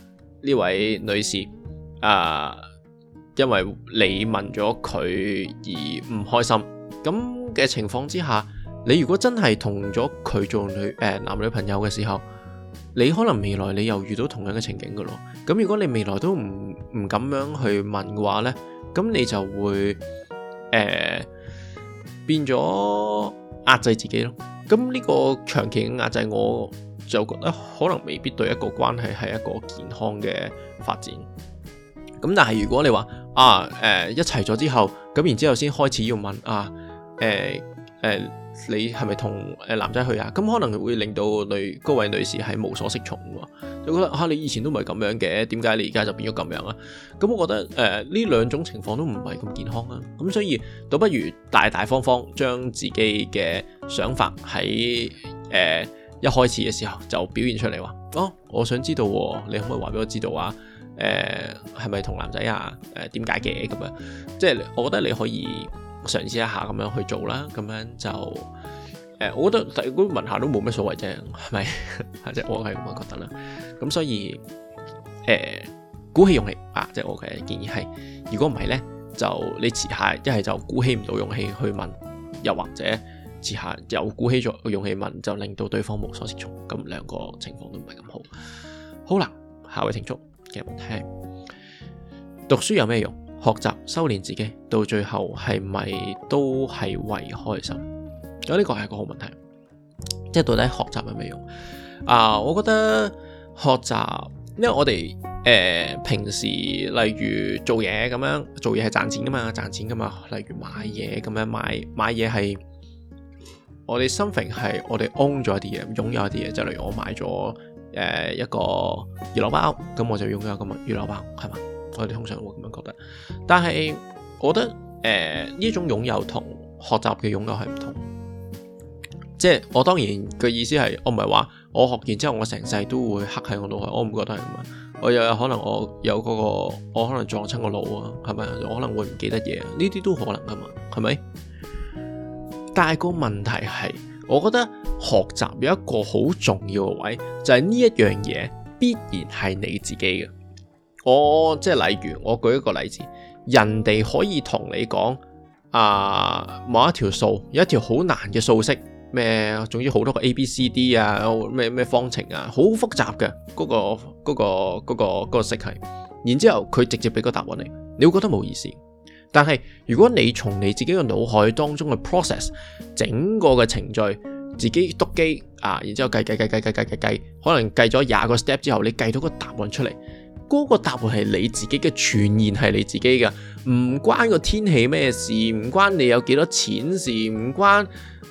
呢位女士啊、呃，因為你問咗佢而唔開心，咁嘅情況之下，你如果真係同咗佢做女誒、呃、男女朋友嘅時候，你可能未來你又遇到同樣嘅情景㗎咯。咁如果你未來都唔唔咁樣去問嘅話呢，咁你就會。誒、呃，變咗壓制自己咯。咁呢個長期嘅壓制，我就覺得可能未必對一個關係係一個健康嘅發展。咁但係如果你話啊，誒、呃、一齊咗之後，咁然之後先開始要問啊，誒、呃、誒。呃你係咪同誒男仔去啊？咁可能會令到女嗰位女士係無所適從喎，就覺得嚇、啊、你以前都唔係咁樣嘅，點解你而家就變咗咁樣啊？咁我覺得誒呢兩種情況都唔係咁健康啊。咁所以倒不如大大方方將自己嘅想法喺誒、呃、一開始嘅時候就表現出嚟話，哦、啊，我想知道、啊、你可唔可以話俾我知道啊？誒係咪同男仔啊？誒點解嘅咁樣？即係、就是、我覺得你可以。嘗試一下咁樣去做啦，咁樣就、呃、我覺得如果問下都冇咩所謂啫，係咪？ 我係咁樣覺得啦。咁所以、呃、鼓起勇氣啊，即係、我嘅建議係，如果唔係呢，就你遲下一係就鼓起唔到勇氣去問，又或者遲下又鼓起咗勇氣問，就令到對方無所適從，咁兩個情況都唔係咁好。好啦，下位聽眾，繼續聽。讀書有咩用？學習、修煉自己，到最後係咪都係為開心？咁、哦、呢、這個係一個好問題，即係到底學習有咩用？啊，我覺得學習，因為我哋誒、呃、平時例如做嘢咁樣，做嘢係賺錢噶嘛，賺錢噶嘛。例如買嘢咁樣買，買嘢係我哋心 o m 係我哋 own 咗一啲嘢，擁有一啲嘢，就例如我買咗誒、呃、一個魚柳包，咁我就擁有一個魚柳包，係嘛？我哋通常會咁樣覺得，但係我覺得誒呢種擁有同學習嘅擁有係唔同，即係我當然嘅意思係，我唔係話我學完之後我成世都會刻喺我腦海，我唔覺得係咁樣！我又有可能我有嗰個我可能撞親個腦啊，係咪？我可能會唔記得嘢，呢啲都可能噶嘛，係咪？但係個問題係，我覺得學習有一個好重要嘅位，就係呢一樣嘢必然係你自己嘅。我即係例如，我舉一個例子，人哋可以同你講啊，某一條數有一條好難嘅數式，咩，總之好多個 A、B、C、D 啊，咩咩方程啊，好複雜嘅嗰個嗰個嗰個嗰個式係，然之後佢直接俾個答案你，你會覺得冇意思。但係如果你從你自己嘅腦海當中嘅 process，整個嘅程序，自己篤機啊，然之後計計計計計計計，可能計咗廿個 step 之後，你計到個答案出嚟。嗰個答案係你自己嘅傳言，係你自己嘅，唔關個天氣咩事，唔關你有幾多錢事，唔關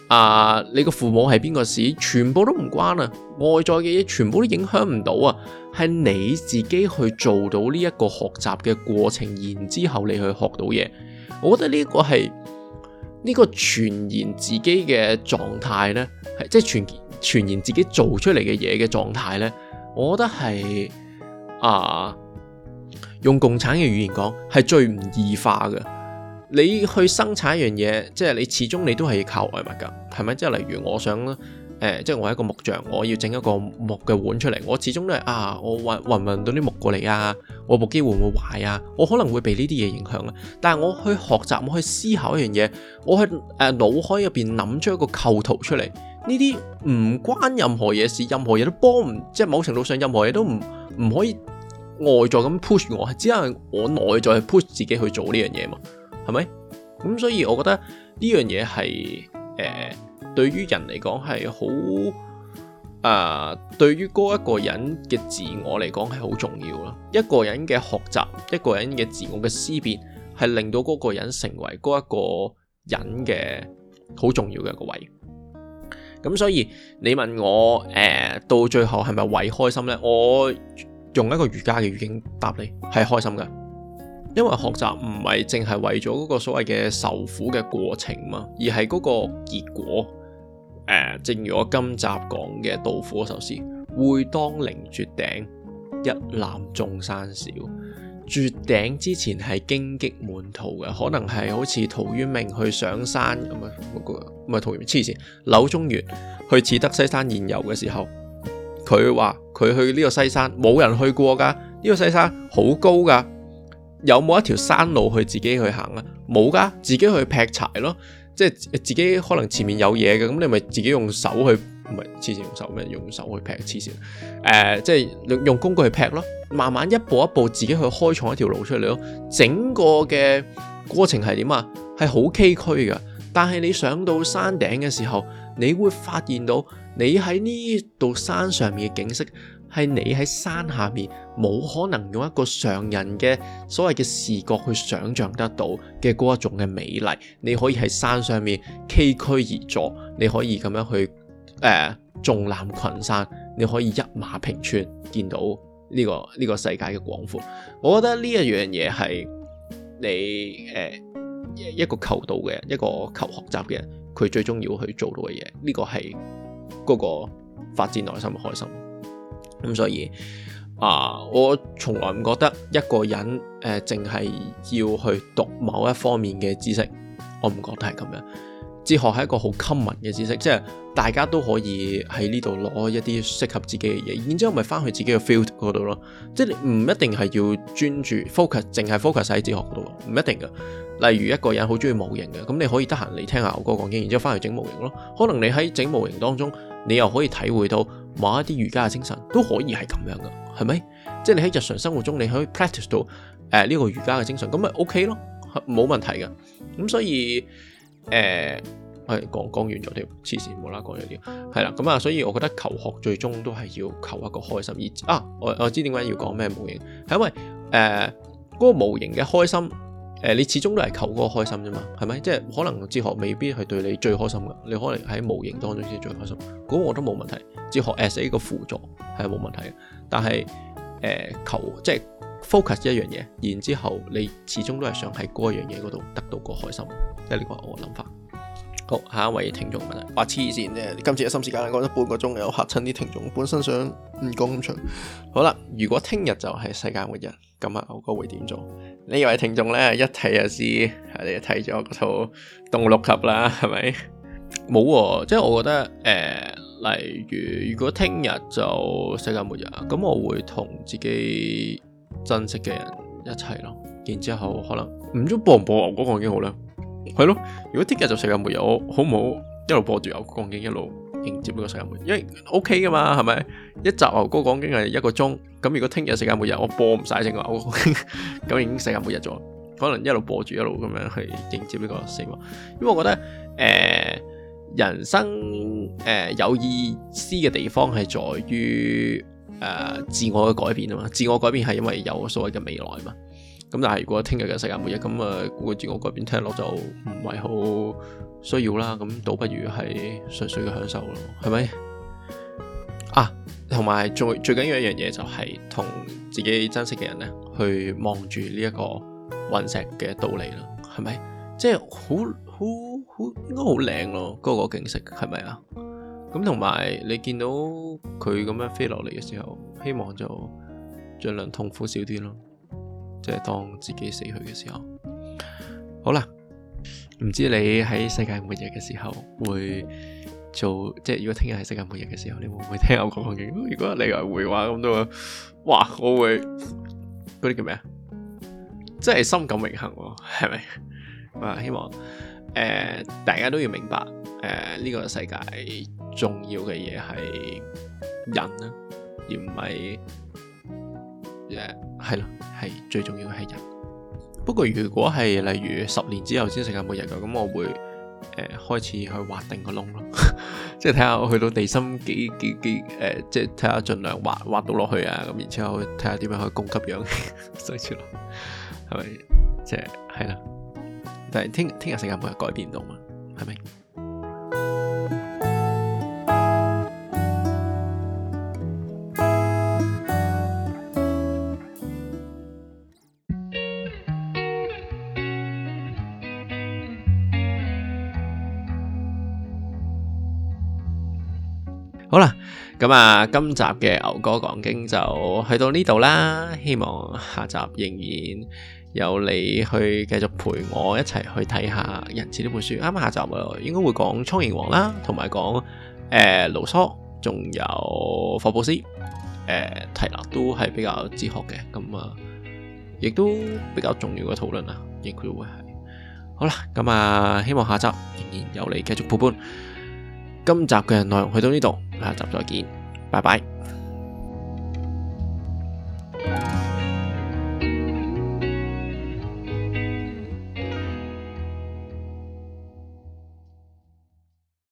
啊、呃、你個父母係邊個事，全部都唔關啊。外在嘅嘢全部都影響唔到啊，係你自己去做到呢一個學習嘅過程，然之後你去學到嘢。我覺得呢個係呢、呢個傳言自己嘅狀態呢，係即係傳傳言自己做出嚟嘅嘢嘅狀態呢，我覺得係。啊！用共產嘅語言講係最唔易化嘅。你去生產一樣嘢，即係你始終你都係靠外物㗎，係咪？即係例如我想、呃、即係我係一個木匠，我要整一個木嘅碗出嚟，我始終都係啊！我運運唔到啲木過嚟啊！我部機會唔會壞啊？我可能會被呢啲嘢影響啊！但係我去學習，我去思考一樣嘢，我去誒腦海入邊諗出一個構圖出嚟，呢啲唔關任何嘢事，任何嘢都幫唔，即係某程度上任何嘢都唔。唔可以外在咁 push 我，只係我內在去 push 自己去做呢樣嘢嘛，係咪？咁所以我覺得呢樣嘢係誒，對於人嚟講係好誒，對於嗰一個人嘅自我嚟講係好重要啦。一個人嘅學習，一個人嘅自我嘅思辨，係令到嗰個人成為嗰一個人嘅好重要嘅一個位。咁所以你問我誒、呃、到最後係咪為開心呢？我用一個儒家嘅語境答你係開心嘅，因為學習唔係淨係為咗嗰個所謂嘅受苦嘅過程嘛，而係嗰個結果，呃。正如我今集講嘅杜甫嗰首詩：會當凌絕頂，一覽眾山小。絕頂之前係荊棘滿途嘅，可能係好似陶淵明去上山咁啊，唔係陶淵明黐線，柳宗元去始得西山宴遊嘅時候，佢話佢去呢個西山冇人去過噶，呢、這個西山好高噶，有冇一條山路去自己去行啊？冇噶，自己去劈柴咯，即係自己可能前面有嘢嘅，咁你咪自己用手去。黐線用手，咩？用手去劈黐線，誒，uh, 即係用用工具去劈咯。慢慢一步一步自己去開創一條路出嚟咯。整個嘅過程係點啊？係好崎嶇嘅，但係你上到山頂嘅時候，你會發現到你喺呢度山上面嘅景色，係你喺山下面冇可能用一個常人嘅所謂嘅視覺去想象得到嘅嗰一種嘅美麗。你可以喺山上面崎嶇而坐，你可以咁樣去。誒，縱覽、呃、群山，你可以一馬平川，見到呢、這個呢、這個世界嘅廣闊。我覺得呢一樣嘢係你誒、呃，一個求道嘅，一個求學習嘅，佢最終要去做到嘅嘢。呢、這個係嗰個發自內心嘅開心。咁所以啊、呃，我從來唔覺得一個人誒，淨、呃、係要去讀某一方面嘅知識，我唔覺得係咁樣。哲學係一個好 common 嘅知識，即係大家都可以喺呢度攞一啲適合自己嘅嘢，然之後咪翻去自己嘅 field 嗰度咯。即係你唔一定係要專注 focus，淨係 focus 喺哲學嗰度，唔一定噶。例如一個人好中意模型嘅，咁你可以得閒嚟聽下牛哥講經，然之後翻去整模型咯。可能你喺整模型當中，你又可以體會到某一啲瑜伽嘅精神，都可以係咁樣噶，係咪？即係你喺日常生活中，你可以 practice 到誒呢、呃呢個瑜伽嘅精神，咁咪 OK 咯，冇問題嘅。咁所以。誒，係講講完咗啲黐線，冇啦啦講咗啲，係啦咁啊，所以我覺得求學最終都係要求一個開心，意啊，我我知點解要講咩模型，係因為誒嗰、呃那個模型嘅開心，誒、呃、你始終都係求嗰個開心啫嘛，係咪？即係可能哲學未必係對你最開心㗎，你可能喺模型當中先最開心，咁我都冇問題，哲學 as 一個輔助係冇問題嘅，但係誒、呃、求即係。focus 一樣嘢，然之後你始終都係想喺嗰樣嘢嗰度得到個開心，即係呢個我嘅諗法。好，下一位聽眾問，話黐線啫，今次有心事時間講咗半個鐘，又嚇親啲聽眾。本身想唔講咁長。好啦，如果聽日就係世界末日，咁啊，牛哥會點做？位呢位聽眾咧一睇就知，你睇咗嗰套《棟六合》啦，係咪？冇，即係我覺得，誒、呃，例如如果聽日就世界末日，咁我會同自己。珍惜嘅人一齊咯，然之後可能唔知播唔播牛哥講經好咧，係咯。如果聽日就世界末日，我好唔好一路播住牛哥講經一路迎接呢個世界末日，因為 O K 噶嘛，係咪？一集牛哥講經係一個鐘，咁如果聽日世界末日，我播唔晒整個牛哥講經，咁 已經世界末日咗。可能一路播住一路咁樣去迎接呢個死亡，因為我覺得誒、呃、人生誒、呃、有意思嘅地方係在於。誒、呃、自我嘅改變啊嘛，自我改變係因為有所謂嘅未來嘛。咁但係如果聽日嘅世界末日咁誒，估個自我改變聽落就唔係好需要啦。咁倒不如係碎碎嘅享受咯，係咪？啊，同埋最最緊要一樣嘢就係同自己珍惜嘅人咧，去望住呢一個隕石嘅道理咯，係咪？即係好好好應該好靚咯，嗰個景色係咪啊？咁同埋，你見到佢咁樣飛落嚟嘅時候，希望就盡量痛苦少啲咯，即係當自己死去嘅時候。好啦，唔知你喺世界末日嘅時候會做，即係如果聽日係世界末日嘅時候，你會唔會聽我講講嘢？ 如果你係會嘅話，咁都會話哇，我會嗰啲叫咩啊？即係深感榮幸喎，係咪啊？ 希望誒、呃、大家都要明白誒呢、呃這個世界。重要嘅嘢係人啦，而唔係誒，係咯，係最重要嘅係人。不過如果係例如十年之後先世界末日嘅，咁我會誒開始去挖定個窿咯，即係睇下我去到地心幾幾幾誒，即係睇下盡量挖挖到落去啊，咁然之後睇下點樣去供給氧，所以咯，係咪即係係啦？但係聽聽日世界末日改變到嘛，係咪？咁啊，今集嘅牛哥講經就去到呢度啦，希望下集仍然有你去繼續陪我一齊去睇下《人慈》呢本書。啱啱下集啊，應該會講蒼蠅王啦，同埋講誒盧、呃、梭，仲有霍布斯，誒、呃、提納都係比較哲學嘅，咁、嗯、啊，亦都比較重要嘅討論啊，亦佢會係。好啦，咁、嗯、啊，希望下集仍然有你繼續陪伴。今集嘅內容去到呢度，下集再見，拜拜。